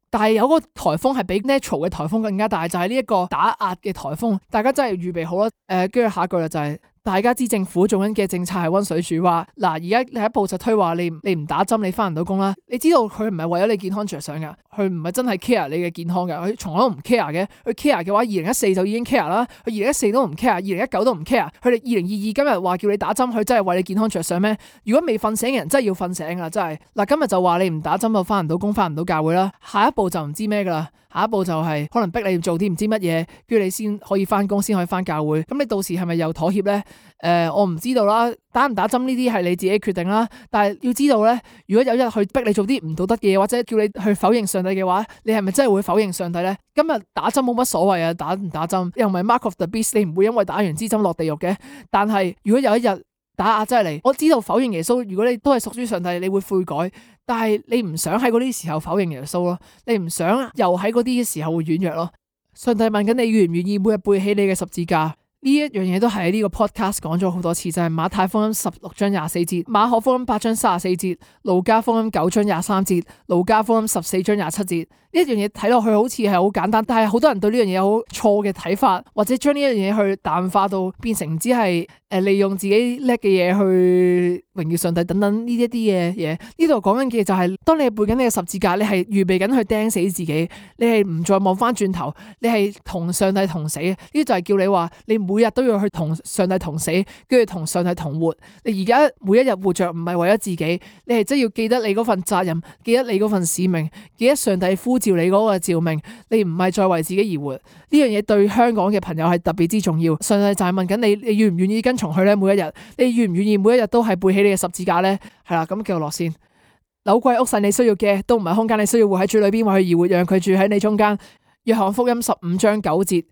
Speaker 1: 但係有嗰個台風係比 natural 嘅台風更加大，就係呢一個打壓嘅台風。大家真係預備好啦。誒、呃，跟住下一句就係、是。大家知政府做緊嘅政策係溫水煮蛙。嗱，而家第一步就推話你你唔打針你翻唔到工啦。你知道佢唔係為咗你健康着想噶，佢唔係真係 care 你嘅健康㗎，佢從嚟都唔 care 嘅。佢 care 嘅話，二零一四就已經 care 啦，佢二零一四都唔 care，二零一九都唔 care，佢哋二零二二今日話叫你打針，佢真係為你健康着想咩？如果未瞓醒嘅人真係要瞓醒啦，真係。嗱，今日就話你唔打針就翻唔到工，翻唔到教會啦，下一步就唔知咩噶啦。下一步就係、是、可能逼你做啲唔知乜嘢，叫你先可以翻工，先可以翻教會。咁你到時係咪又妥協咧？誒、呃，我唔知道啦。打唔打針呢啲係你自己決定啦。但係要知道咧，如果有一日去逼你做啲唔道德嘅嘢，或者叫你去否認上帝嘅話，你係咪真係會否認上帝咧？今日打針冇乜所謂啊，打唔打針又唔係 Mark of the Beast，你唔會因為打完支針落地獄嘅。但係如果有一日，打壓真係嚟，我知道否認耶穌，如果你都係屬於上帝，你會悔改，但係你唔想喺嗰啲時候否認耶穌咯，你唔想又喺嗰啲時候會軟弱咯。上帝問緊你願唔願意每日背起你嘅十字架，呢一樣嘢都喺呢個 podcast 講咗好多次，就係馬太福音十六章廿四節，馬可福音八章卅四節，路加福音九章廿三節，路加福音十四章廿七節。一樣嘢睇落去好似係好簡單，但係好多人對呢樣嘢有錯嘅睇法，或者將呢一樣嘢去淡化到變成只係誒利用自己叻嘅嘢去榮耀上帝等等呢一啲嘅嘢。呢度講緊嘅就係、是、當你背緊你嘅十字架，你係預備緊去釘死自己，你係唔再望翻轉頭，你係同上帝同死。呢啲就係叫你話你每日都要去同上帝同死，跟住同上帝同活。你而家每一日活着唔係為咗自己，你係真係要記得你嗰份責任，記得你嗰份使命，記得上帝呼。照你嗰個照明，你唔係再為自己而活，呢樣嘢對香港嘅朋友係特別之重要。上帝就係問緊你，「你願唔願意跟從佢呢？每一日，你願唔願意每一日都係背起你嘅十字架呢？」係啦，咁繼續落線。扭鬼屋世你需要嘅，都唔係空間，你需要活喺主裏邊，為佢而活，讓佢住喺你中間。約翰福音十五章九節，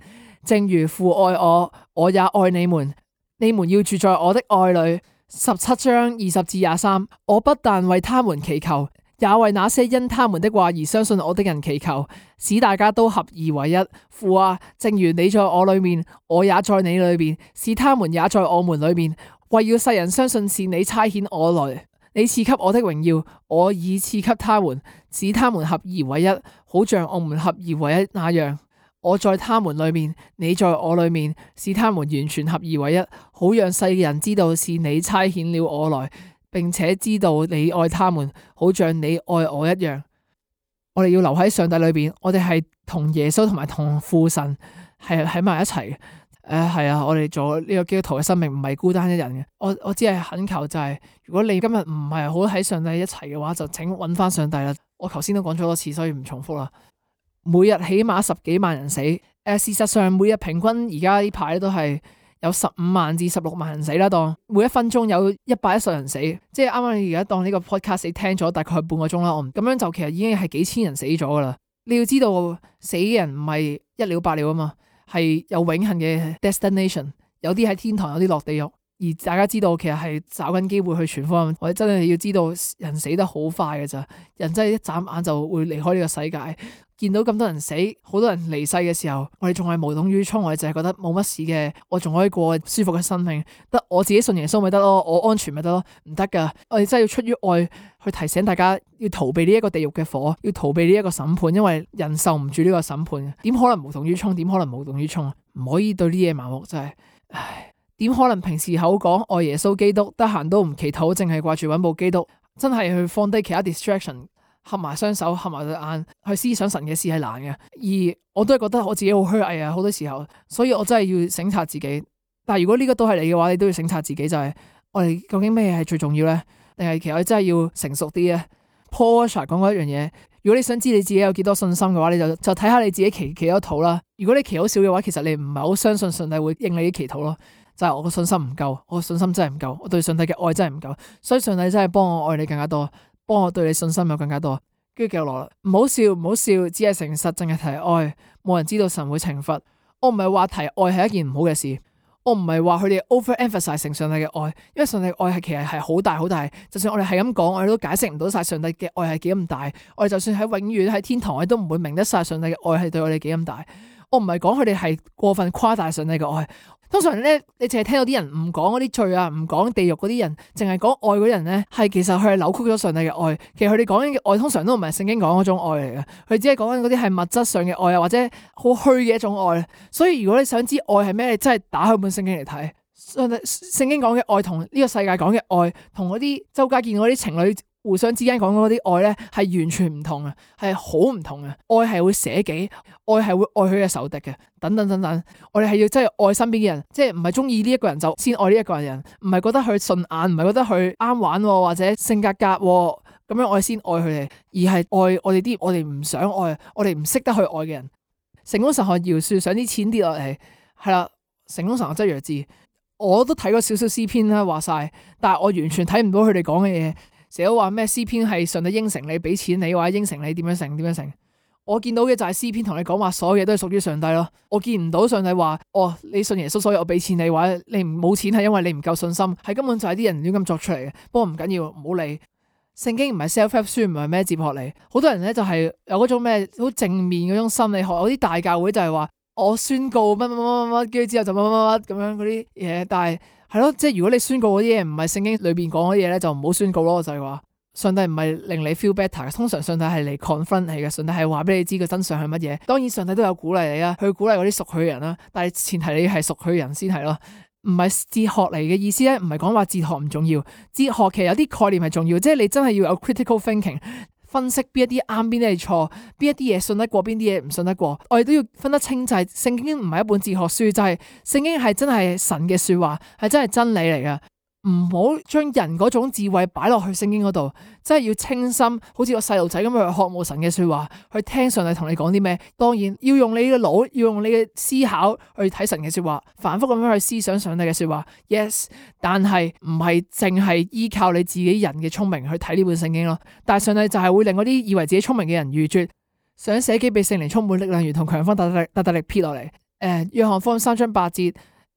Speaker 1: 正如父愛我，我也愛你們，你們要住在我的愛裏。十七章二十至廿三，23，我不但為他們祈求。也為那些因他們的話而相信我的人祈求，使大家都合而為一。父啊，正如你在我裏面，我也在你裏面，使他們也在我們裏面，為要世人相信是你差遣我來。你賜給我的榮耀，我已賜給他們，使他們合而為一，好像我們合而為一那樣。我在他們裏面，你在我裏面，使他們完全合而為一，好讓世人知道是你差遣了我來。並且知道你愛他們，好像你愛我一樣。我哋要留喺上帝裏邊，我哋係同耶穌同埋同父神係喺埋一齊嘅。誒、呃，係啊，我哋做呢個基督徒嘅生命唔係孤單一人嘅。我我只係懇求就係、是，如果你今日唔係好喺上帝一齊嘅話，就請揾翻上帝啦。我頭先都講咗好多次，所以唔重複啦。每日起碼十幾萬人死，呃、事實上每日平均而家呢排都係。有十五萬至十六萬人死啦，當每一分鐘有一百一十人死，即係啱啱你而家當呢個 podcast 你聽咗大概半個鐘啦，我唔咁樣就其實已經係幾千人死咗噶啦。你要知道，死人唔係一了百了啊嘛，係有永恆嘅 destination，有啲喺天堂，有啲落地獄。而大家知道，其實係找緊機會去傳福音，我哋真係要知道人死得好快嘅咋，人真係一眨眼就會離開呢個世界。見到咁多人死，好多人離世嘅時候，我哋仲係無動於衷，我哋淨係覺得冇乜事嘅，我仲可以過舒服嘅生命，得我自己信耶穌咪得咯，我安全咪得咯，唔得噶。我哋真係要出於愛去提醒大家，要逃避呢一個地獄嘅火，要逃避呢一個審判，因為人受唔住呢個審判，點可能無動於衷？點可能無動於衷？唔可，可以對呢嘢麻木，真係，唉。點可能平時口講愛耶穌基督，得閒都唔祈禱，淨係掛住揾部基督，真係去放低其他 distraction，合埋雙手，合埋對眼去思想神嘅事係難嘅。而我都係覺得我自己好虛偽啊，好多時候，所以我真係要省察自己。但係如果呢個都係你嘅話，你都要省察自己，就是，就係我哋究竟咩係最重要咧？定係其實我真係要成熟啲咧？Paul Washer 講過一樣嘢，如果你想知你自己有幾多信心嘅話，你就就睇下你自己祈祈禱禱啦。如果你祈禱少嘅話，其實你唔係好相信上帝會應你啲祈禱咯。就係我個信心唔夠，我嘅信心真係唔夠，我對上帝嘅愛真係唔夠，所以上帝真係幫我愛你更加多，幫我對你信心又更加多，跟住繼續落啦。唔好笑，唔好笑，只係誠實淨係提愛，冇人知道神會懲罰。我唔係話提愛係一件唔好嘅事，我唔係話佢哋 overemphasize 成上帝嘅愛，因為上帝嘅愛係其實係好大好大，就算我哋係咁講，我哋都解釋唔到晒上帝嘅愛係幾咁大，我哋就算喺永遠喺天堂，我哋都唔會明得晒上帝嘅愛係對我哋幾咁大。我唔係講佢哋係過分誇大上帝嘅愛。通常咧，你淨係聽到啲人唔講嗰啲罪啊，唔講地獄嗰啲人，淨係講愛嗰啲人咧，係其實佢係扭曲咗上帝嘅愛。其實佢哋講緊嘅愛，通常都唔係聖經講嗰種愛嚟嘅，佢只係講緊嗰啲係物質上嘅愛啊，或者好虛嘅一種愛。所以如果你想知愛係咩，你真係打開本聖經嚟睇。上帝聖經講嘅愛，同呢個世界講嘅愛，同嗰啲周街見到啲情侶。互相之間講嗰啲愛咧，係完全唔同嘅，係好唔同嘅。愛係會捨己，愛係會愛佢嘅仇敵嘅。等等等等，我哋係要真係愛身邊嘅人，即係唔係中意呢一個人就先愛呢一個人人，唔係覺得佢順眼，唔係覺得佢啱玩或者性格夾，咁樣愛先愛佢哋，而係愛我哋啲我哋唔想愛、我哋唔識得去愛嘅人。成功神學饒恕，想啲錢跌落嚟，係啦。成功神學則弱智，我都睇過少少詩篇啦，話晒，但係我完全睇唔到佢哋講嘅嘢。成日都話咩詩篇係上帝應承你俾錢你或者應承你點樣成點樣成？我見到嘅就係詩篇同你講話，所有嘢都係屬於上帝咯。我見唔到上帝話哦，你信耶穌所以我俾錢你或者你唔冇錢係因為你唔夠信心，係根本就係啲人亂咁作出嚟嘅。不過唔緊要，唔好理。聖經唔係 self help 書，唔係咩哲學嚟。好多人咧就係、是、有嗰種咩好正面嗰種心理學，有啲大教會就係話我宣告乜乜乜乜乜，跟住之後就乜乜乜咁樣嗰啲嘢，但係。係咯，即係如果你宣告嗰啲嘢，唔係聖經裏邊講嗰啲嘢咧，就唔好宣告咯。就係話上帝唔係令你 feel better，通常上帝係嚟 confront 你嘅，上帝係話俾你知個真相係乜嘢。當然上帝都有鼓勵你啦，去鼓勵嗰啲熟佢嘅人啦。但係前提你係熟佢人先係咯，唔係哲學嚟嘅意思咧，唔係講話哲學唔重要，哲學其實有啲概念係重要，即係你真係要有 critical thinking。分析邊一啲啱，邊啲係錯，邊一啲嘢信得過，邊啲嘢唔信得過，我哋都要分得清。就係、是、聖經唔係一本哲學書，就係、是、聖經係真係神嘅説話，係真係真理嚟㗎。唔好將人嗰種智慧擺落去聖經嗰度，真係要清心，好似個細路仔咁去渴慕神嘅說話，去聽上帝同你講啲咩。當然要用你嘅腦，要用你嘅思考去睇神嘅說話，反復咁樣去思想上帝嘅說話。Yes，但係唔係淨係依靠你自己人嘅聰明去睇呢本聖經咯。但係上帝就係會令嗰啲以為自己聰明嘅人愚拙。想寫幾俾聖靈充滿力量，如同強風大大大力劈落嚟。誒，約翰福音三章八節。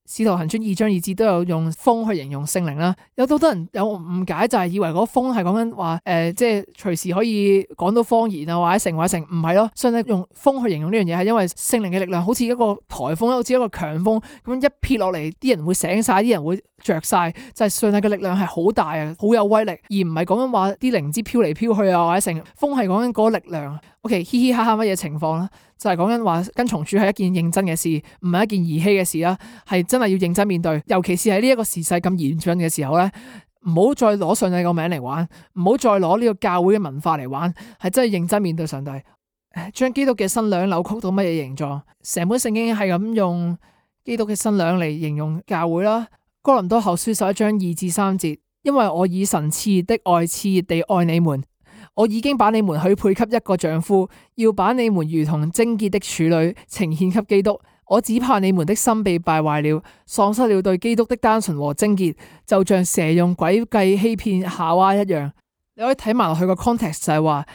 Speaker 1: 《使徒行傳》二章二節都有用風去形容聖靈啦，有好多人有誤解就係以為嗰風係講緊話誒，即係隨時可以講到方言啊，或者成或者成，唔係咯。上帝用風去形容呢樣嘢係因為聖靈嘅力量好似一個颱風，好似一個強風咁樣一撇落嚟，啲人會醒晒，啲人會着晒。就係上帝嘅力量係好大啊，好有威力，而唔係講緊話啲靈芝飄嚟飄去啊，或者成風係講緊嗰個力量。OK，嘻嘻哈哈乜嘢情況啦？就係講緊話跟從主係一件認真嘅事，唔係一件兒戲嘅事啦。係真係要認真面對，尤其是喺呢一個時勢咁嚴峻嘅時候咧，唔好再攞上帝個名嚟玩，唔好再攞呢個教會嘅文化嚟玩，係真係認真面對上帝，將基督嘅新娘扭曲到乜嘢形狀？成本聖經係咁用基督嘅新娘嚟形容教會啦。哥林多後書十一章二至三節，因為我以神熾熱的愛熾熱地愛你們。我已經把你們許配給一個丈夫，要把你們如同貞潔的處女呈獻給基督。我只怕你們的心被敗壞了，喪失了對基督的單純和貞潔，就像蛇用詭計欺騙夏娃一樣。你可以睇埋落去個 context 就係話。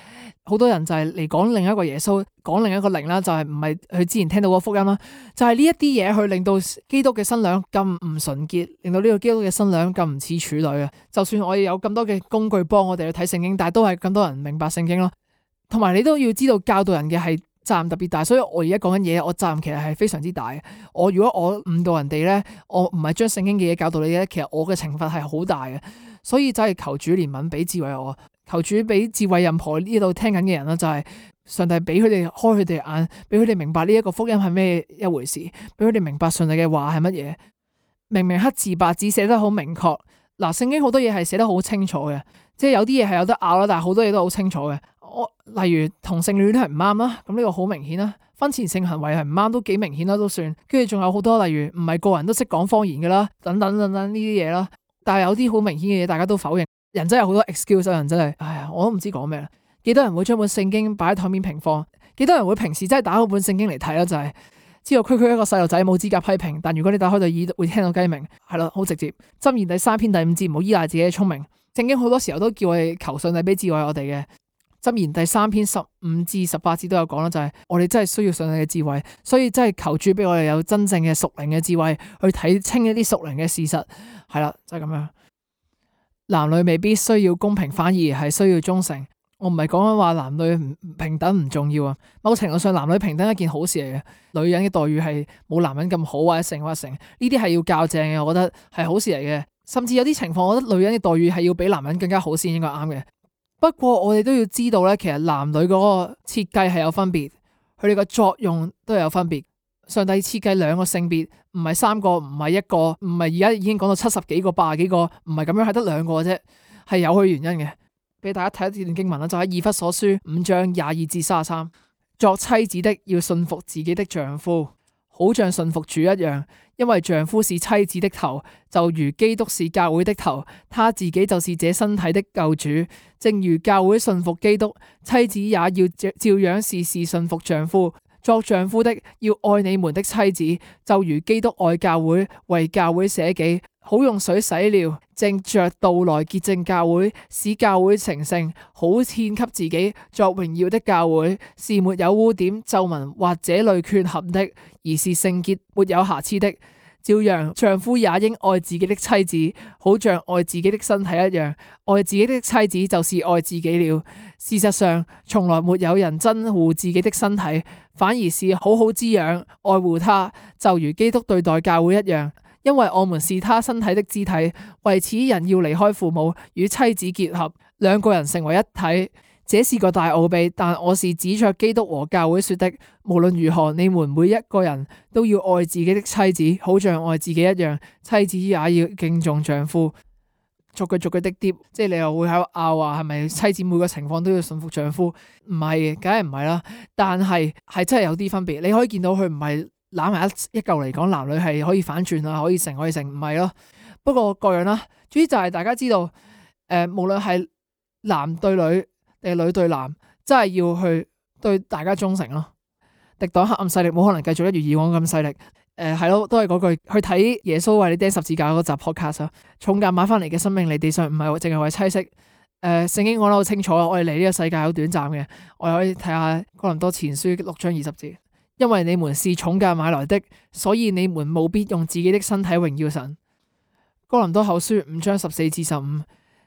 Speaker 1: 好多人就係嚟講另一個耶穌，講另一個靈啦，就係唔係佢之前聽到嗰福音啦，就係呢一啲嘢去令到基督嘅新娘咁唔純潔，令到呢個基督嘅新娘咁唔似處女啊！就算我有咁多嘅工具幫我哋去睇聖經，但係都係咁多人明白聖經咯。同埋你都要知道教導人嘅係責任特別大，所以我而家講緊嘢，我責任其實係非常之大。我如果我誤導人哋咧，我唔係將聖經嘅嘢教導你咧，其實我嘅懲罰係好大嘅。所以就係求主憐憫，俾智慧我。求主俾智慧任何呢度聽緊嘅人啦，就係上帝俾佢哋開佢哋眼，俾佢哋明白呢一個福音係咩一回事，俾佢哋明白上帝嘅話係乜嘢，明明黑字白紙寫得好明確，嗱，聖經好多嘢係寫得好清楚嘅。即係有啲嘢係有得拗啦，但係好多嘢都好清楚嘅。我、哦、例如同性戀都係唔啱啦，咁呢個好明顯啦，婚前性行為係唔啱都幾明顯啦，都算。跟住仲有好多例如唔係個人都識講方言噶啦，等等等等呢啲嘢啦。但係有啲好明顯嘅嘢，大家都否認。人真係好多 excuse，人真係，哎呀，我都唔知講咩啦。幾多人會將本聖經擺喺台面平放？幾多人會平時真係打開本聖經嚟睇啦？就係知道區區一個細路仔冇資格批評。但如果你打開對耳，會聽到雞鳴，係咯，好直接。箴言，第三篇第五節，唔好依賴自己嘅聰明。聖經好多時候都叫我哋求上帝俾智慧我哋嘅。箴言第三篇十五至十八節都有講啦，就係我哋真係需要上帝嘅智慧，所以真係求主俾我哋有真正嘅屬靈嘅智慧去睇清一啲屬靈嘅事實。係啦，就係咁樣。男女未必需要公平，反而係需要忠誠。我唔係講緊話男女平等唔重要啊。某程度上，男女平等係一件好事嚟嘅。女人嘅待遇係冇男人咁好啊，一成或者成呢啲係要較正嘅，我覺得係好事嚟嘅。甚至有啲情況，我覺得女人嘅待遇係要比男人更加好先應該啱嘅。不過我哋都要知道咧，其實男女嗰個設計係有分別，佢哋嘅作用都有分別。上帝設計兩個性別，唔係三個，唔係一個，唔係而家已經講到七十幾個、八十幾個，唔係咁樣，係得兩個啫，係有佢原因嘅。俾大家睇一段經文啦，就喺以弗所書五章廿二至卅三，作妻子的要順服自己的丈夫，好像順服主一樣，因為丈夫是妻子的頭，就如基督是教會的頭，他自己就是這身體的救主。正如教會順服基督，妻子也要照樣事事順服丈夫。作丈夫的要愛你們的妻子，就如基督愛教會，為教會捨己，好用水洗了，正着道來潔淨教會，使教會成聖，好獻給自己作榮耀的教會，是沒有污點、皺紋或者類缺憾的，而是聖潔、沒有瑕疵的。照樣，丈夫也應愛自己的妻子，好像愛自己的身體一樣。愛自己的妻子就是愛自己了。事實上，從來沒有人憎惡自己的身體，反而是好好滋養愛護他，就如基督對待教會一樣，因為我們是他身體的肢體。為此，人要離開父母與妻子結合，兩個人成為一體。這是個大奧秘，但我是指着基督和教會說的。無論如何，你們每一個人都要愛自己的妻子，好像愛自己一樣。妻子也要敬重丈夫。逐句逐句的啲，即係你又會喺度拗話，係咪妻子每個情況都要順服丈夫？唔係，梗係唔係啦。但係係真係有啲分別。你可以見到佢唔係攬埋一一嚿嚟講，男女係可以反轉啊，可以成可以成，唔係咯。不過各樣啦，主要就係大家知道，誒、呃，無論係男對女。女對男，真係要去對大家忠誠咯。敵黨黑暗勢力冇可能繼續一如以往咁勢力。誒係咯，都係嗰句去睇耶穌為你釘十字架嗰集 podcast 啊。重價買翻嚟嘅生命你地上唔係淨係為妻息。誒、呃，聖經講得好清楚，我哋嚟呢個世界好短暫嘅。我哋可以睇下哥林多前書六章二十節，因為你們是重價買來的，所以你們務必用自己的身體榮耀神。哥林多後書五章十四至十五。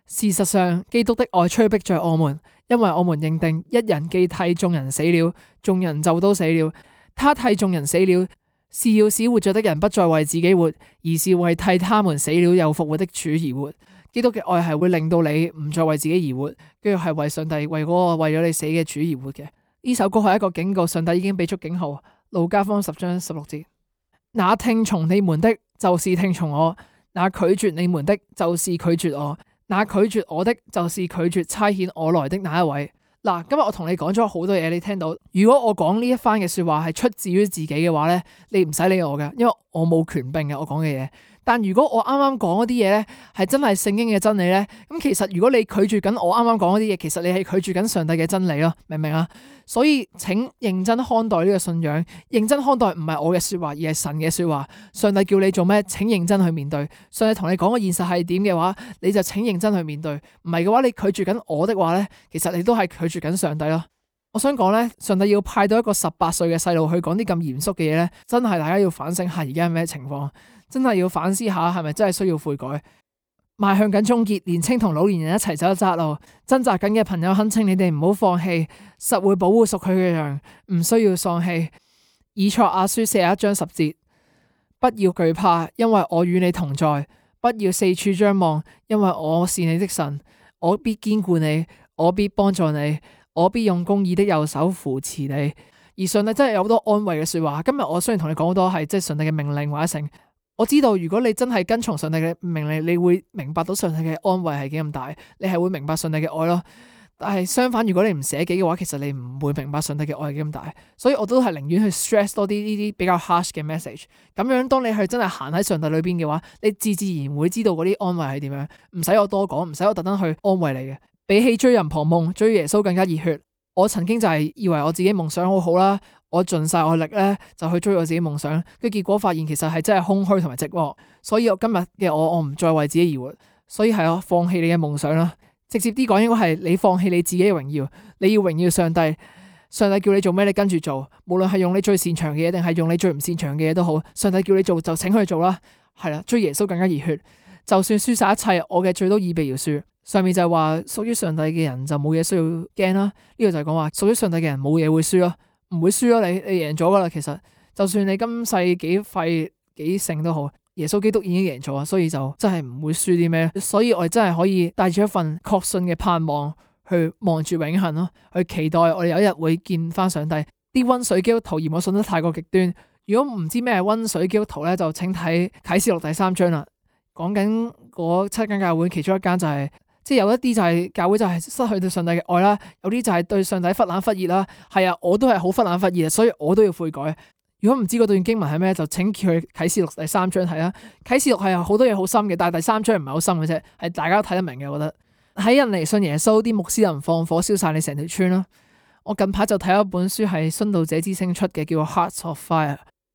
Speaker 1: 事實上，基督的愛催逼着我們，因為我們認定一人既替眾人死了，眾人就都死了。他替眾人死了，是要使活着的人不再為自己活，而是為替他們死了又復活的主而活。基督嘅愛係會令到你唔再為自己而活，跟住係為上帝為嗰個為咗你死嘅主而活嘅。呢首歌係一個警告，上帝已經俾出警號，路加福音十章十六節：那聽從你們的，就是聽從我；那拒絕你們的，就是拒絕我。那拒絕我的，就是拒絕差遣我來的那一位。嗱，今日我同你講咗好多嘢，你聽到。如果我講呢一番嘅說話係出自於自己嘅話咧，你唔使理我㗎，因為我冇權柄嘅，我講嘅嘢。但如果我啱啱講嗰啲嘢咧，係真係聖經嘅真理咧，咁其實如果你拒絕緊我啱啱講嗰啲嘢，其實你係拒絕緊上帝嘅真理咯，明唔明啊？所以請認真看待呢個信仰，認真看待唔係我嘅說話，而係神嘅說話。上帝叫你做咩，請認真去面對。上帝同你講個現實係點嘅話，你就請認真去面對。唔係嘅話，你拒絕緊我的話咧，其實你都係拒絕緊上帝咯。我想講咧，上帝要派到一個十八歲嘅細路去講啲咁嚴肅嘅嘢咧，真係大家要反省下而家係咩情況。真係要反思下，係咪真係需要悔改？邁向緊終結，年青同老年人一齊走一窄路，掙扎緊嘅朋友懇請你哋唔好放棄，實會保護屬佢嘅人，唔需要喪氣。以賽亞書四十一章十節，不要懼怕，因為我與你同在，不要四處張望，因為我是你的神，我必堅固你，我必幫助你，我必用公義的右手扶持你。而上帝真係有好多安慰嘅說話。今日我雖然同你講好多係即係上帝嘅命令或者成。我知道如果你真係跟從上帝嘅命令，你會明白到上帝嘅安慰係幾咁大，你係會明白上帝嘅愛咯。但係相反，如果你唔捨己嘅話，其實你唔會明白上帝嘅愛係幾咁大。所以我都係寧願去 stress 多啲呢啲比較 harsh 嘅 message。咁樣當你去真係行喺上帝裏邊嘅話，你自自然會知道嗰啲安慰係點樣，唔使我多講，唔使我特登去安慰你嘅。比起追人旁夢，追耶穌更加熱血。我曾經就係以為我自己夢想好好啦。我盡晒我力咧，就去追我自己夢想，跟住結果發現其實係真係空虛同埋寂寞，所以我今日嘅我，我唔再為自己而活，所以係我放棄你嘅夢想啦。直接啲講，應該係你放棄你自己嘅榮耀，你要榮耀上帝。上帝叫你做咩，你跟住做，無論係用你最擅長嘅嘢，定係用你最唔擅長嘅嘢都好。上帝叫你做，就請佢做啦。係啦，追耶穌更加熱血，就算輸晒一切，我嘅罪都已被饒恕。上面就係話，屬於上帝嘅人就冇嘢需要驚啦。呢個就係講話，屬於上帝嘅人冇嘢會輸咯。唔會輸咯，你你贏咗㗎啦。其實就算你今世幾廢幾勝都好，耶穌基督已經贏咗啊，所以就真係唔會輸啲咩。所以我哋真係可以帶住一份確信嘅盼望去望住永恒咯，去期待我哋有一日會見返上帝。啲温水基督徒嫌我信得太過極端，如果唔知咩係温水基督徒呢，就請睇啟示錄第三章啦，講緊嗰七間教會其中一間就係、是。即係有一啲就係教會就係失去對上帝嘅愛啦，有啲就係對上帝忽冷忽熱啦。係啊，我都係好忽冷忽熱，所以我都要悔改。如果唔知嗰段經文係咩，就請去啟示錄第三章睇啦。啟示錄係好多嘢好深嘅，但係第三章唔係好深嘅啫，係大，大家都睇得明嘅。我覺得喺印尼信耶穌啲牧師人放火燒晒你成條村啦。我近排就睇咗一本書係《殉道者之星》出嘅，叫《Hearts of Fire》，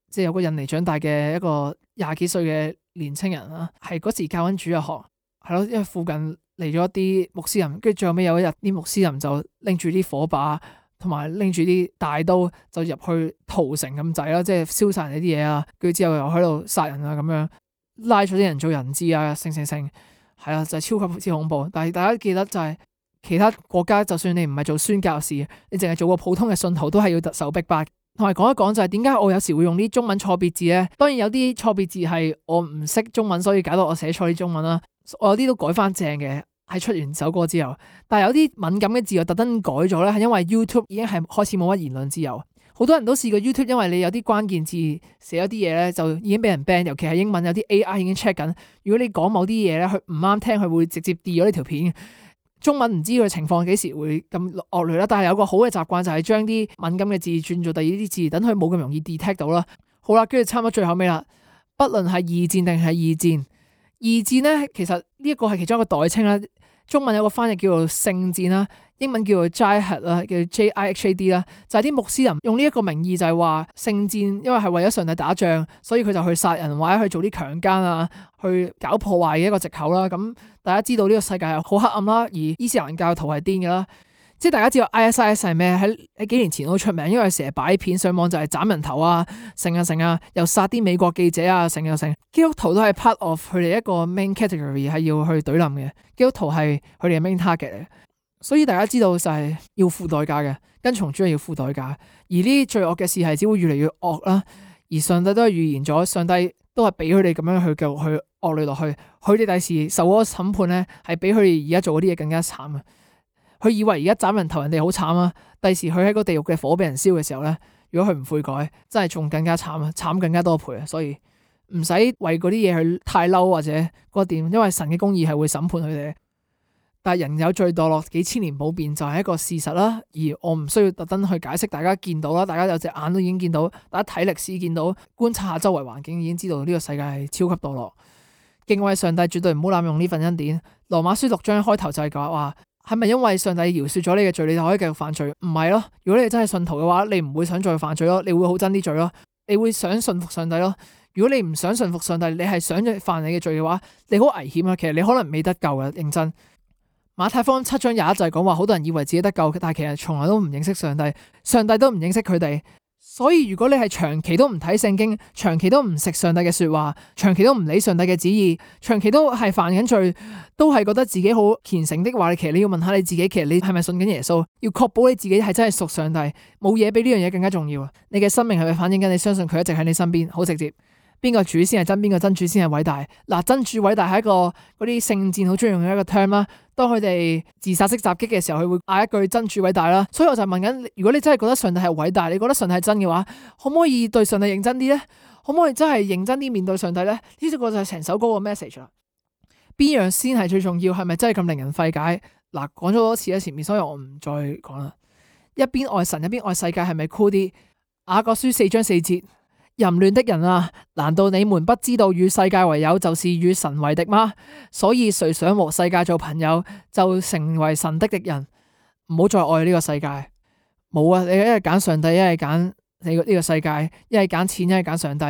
Speaker 1: 即係有個印尼長大嘅一個廿幾歲嘅年青人啦，係嗰時教緊主日學，係咯，因為附近，嚟咗一啲穆斯林，跟住最後尾有一日，啲穆斯林就拎住啲火把，同埋拎住啲大刀，就入去屠城咁滯啦，即係燒晒人哋啲嘢啊！跟住之後又喺度殺人啊，咁樣拉咗啲人做人質啊，成成成，係啊，就係、是、超級之恐怖。但係大家記得就係、是、其他國家，就算你唔係做宣教士，你淨係做個普通嘅信徒，都係要受迫害。同埋講一講就係點解我有時會用啲中文錯別字咧？當然有啲錯別字係我唔識中文，所以搞到我寫錯啲中文啦。我有啲都改翻正嘅。喺出完首歌之後，但係有啲敏感嘅字又特登改咗咧，係因為 YouTube 已經係開始冇乜言論自由，好多人都試過 YouTube，因為你有啲關鍵字寫咗啲嘢咧，就已經俾人 ban。尤其係英文有啲 AI 已經 check 緊。如果你講某啲嘢咧，佢唔啱聽，佢會直接 delete 咗呢條片。中文唔知個情況幾時會咁惡劣啦。但係有個好嘅習慣就係將啲敏感嘅字轉做第二啲字，等佢冇咁容易 detect 到啦。好啦，跟住差唔多最後尾啦。不論係義戰定係二戰，二戰咧其實呢一個係其中一個代稱啦。中文有個翻譯叫做聖戰啦，英文叫做 Jihad 啦，叫 J I H A D 啦，就係啲穆斯林用呢一個名義就係話聖戰，因為係為咗上帝打仗，所以佢就去殺人或者去做啲強奸啊，去搞破壞嘅一個藉口啦。咁大家知道呢個世界係好黑暗啦，而伊斯蘭教徒係癲㗎啦。即係大家知道 ISIS 係咩？喺喺幾年前都出名，因為成日擺片上網就係斬人頭啊，成啊成啊，又殺啲美國記者啊，成啊成。基督徒都係 part of 佢哋一個 main category 係要去懟冧嘅，基督徒係佢哋嘅 main target 嚟。所以大家知道就係要付代價嘅，跟從主係要付代價。而呢啲罪惡嘅事係只會越嚟越惡啦。而上帝都係預言咗，上帝都係俾佢哋咁樣去繼續去惡劣落去。佢哋第時受嗰個審判咧，係比佢哋而家做嗰啲嘢更加慘嘅。佢以為而家斬人頭人，啊，人哋好慘啦。第時佢喺個地獄嘅火俾人燒嘅時候咧，如果佢唔悔改，真係仲更加慘啊！慘更加多倍啊！所以唔使為嗰啲嘢去太嬲或者嗰點，因為神嘅公義係會審判佢哋。但係人有罪墮落幾千年冇變，就係一個事實啦、啊。而我唔需要特登去解釋，大家見到啦，大家有隻眼都已經見到，大家睇歷史見到，觀察下周圍環境已經知道呢個世界係超級墮落。敬畏上帝，絕對唔好濫用呢份恩典。羅馬書六章開頭就係講話。係咪因為上帝饒恕咗你嘅罪，你就可以繼續犯罪？唔係咯，如果你真係信徒嘅話，你唔會想再犯罪咯，你會好憎啲罪咯，你會想信服上帝咯。如果你唔想信服上帝，你係想犯你嘅罪嘅話，你好危險啊！其實你可能未得救啊，認真。馬太福音七章廿一就係講話，好多人以為自己得救，但係其實從來都唔認識上帝，上帝都唔認識佢哋。所以如果你係長期都唔睇聖經，長期都唔食上帝嘅說話，長期都唔理上帝嘅旨意，長期都係犯緊罪，都係覺得自己好虔誠的話，你其實你要問下你自己，其實你係咪信緊耶穌？要確保你自己係真係屬上帝，冇嘢比呢樣嘢更加重要啊！你嘅生命係咪反映緊你，你相信佢一直喺你身邊？好直接。邊個主先係真？邊個真主先係偉大？嗱、啊，真主偉大係一個嗰啲聖戰好常用一個 term 啦。當佢哋自殺式襲擊嘅時候，佢會嗌一句真主偉大啦。所以我就問緊：如果你真係覺得上帝係偉大，你覺得上帝係真嘅話，可唔可以對上帝認真啲咧？可唔可以真係認真啲面對上帝咧？呢、這個就係成首歌嘅 message 啦。邊樣先係最重要？係咪真係咁令人費解？嗱、啊，講咗好多次喺前面所以我唔再講啦。一邊愛神，一邊愛世界，係咪酷啲？雅各書四章四節。淫亂的人啊，難道你們不知道與世界為友就是與神為敵嗎？所以誰想和世界做朋友，就成為神的敵人。唔好再愛呢個世界。冇啊，你一係揀上帝，一係揀你呢個世界；一係揀錢，一係揀上帝；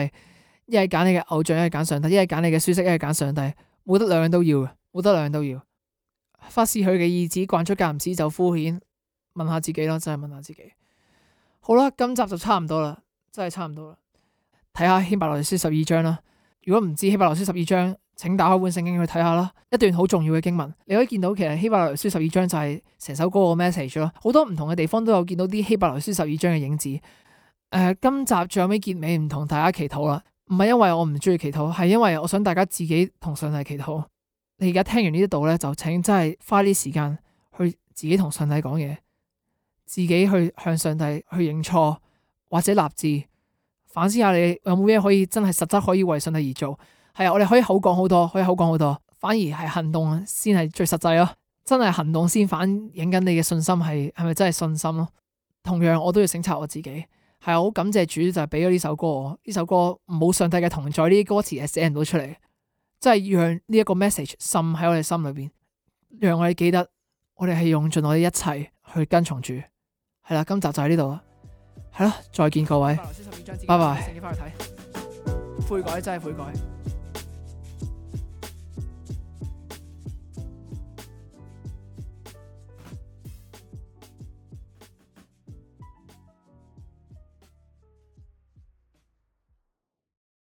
Speaker 1: 一係揀你嘅偶像，一係揀上帝；一係揀你嘅舒適，一係揀上帝。冇得兩樣都要，冇得兩樣都要。忽視佢嘅意志，慣出間唔時就敷衍。問下自己咯，真係問下自己。好啦，今集就差唔多啦，真係差唔多啦。睇下希伯來書十二章啦。如果唔知希伯來書十二章，請打開本聖經去睇下啦。一段好重要嘅經文，你可以見到其實希伯來書十二章就係成首歌嘅 message 咯。好多唔同嘅地方都有見到啲希伯來書十二章嘅影子。誒、呃，今集最後尾結尾唔同大家祈禱啦。唔係因為我唔中意祈禱，係因為我想大家自己同上帝祈禱。你而家聽完呢一度咧，就請真係花啲時間去自己同上帝講嘢，自己去向上帝去認錯或者立志。反思下你有冇嘢可以真係實質可以為上帝而做？係啊，我哋可以口講好多，可以口講好多，反而係行動先係最實際咯。真係行動先反映緊你嘅信，信心，係係咪真係信心咯？同樣我都要省察我自己。係啊，好感謝主，就係俾咗呢首歌我，呢首歌冇上帝嘅同在，呢啲歌詞係寫唔到出嚟。真係讓呢一個 message 滲喺我哋心裏邊，讓我哋記得，我哋係用盡我哋一切去跟從主。係啦，今集就喺呢度啦。係啦，再見各位，拜拜。請去睇，悔改真係悔改。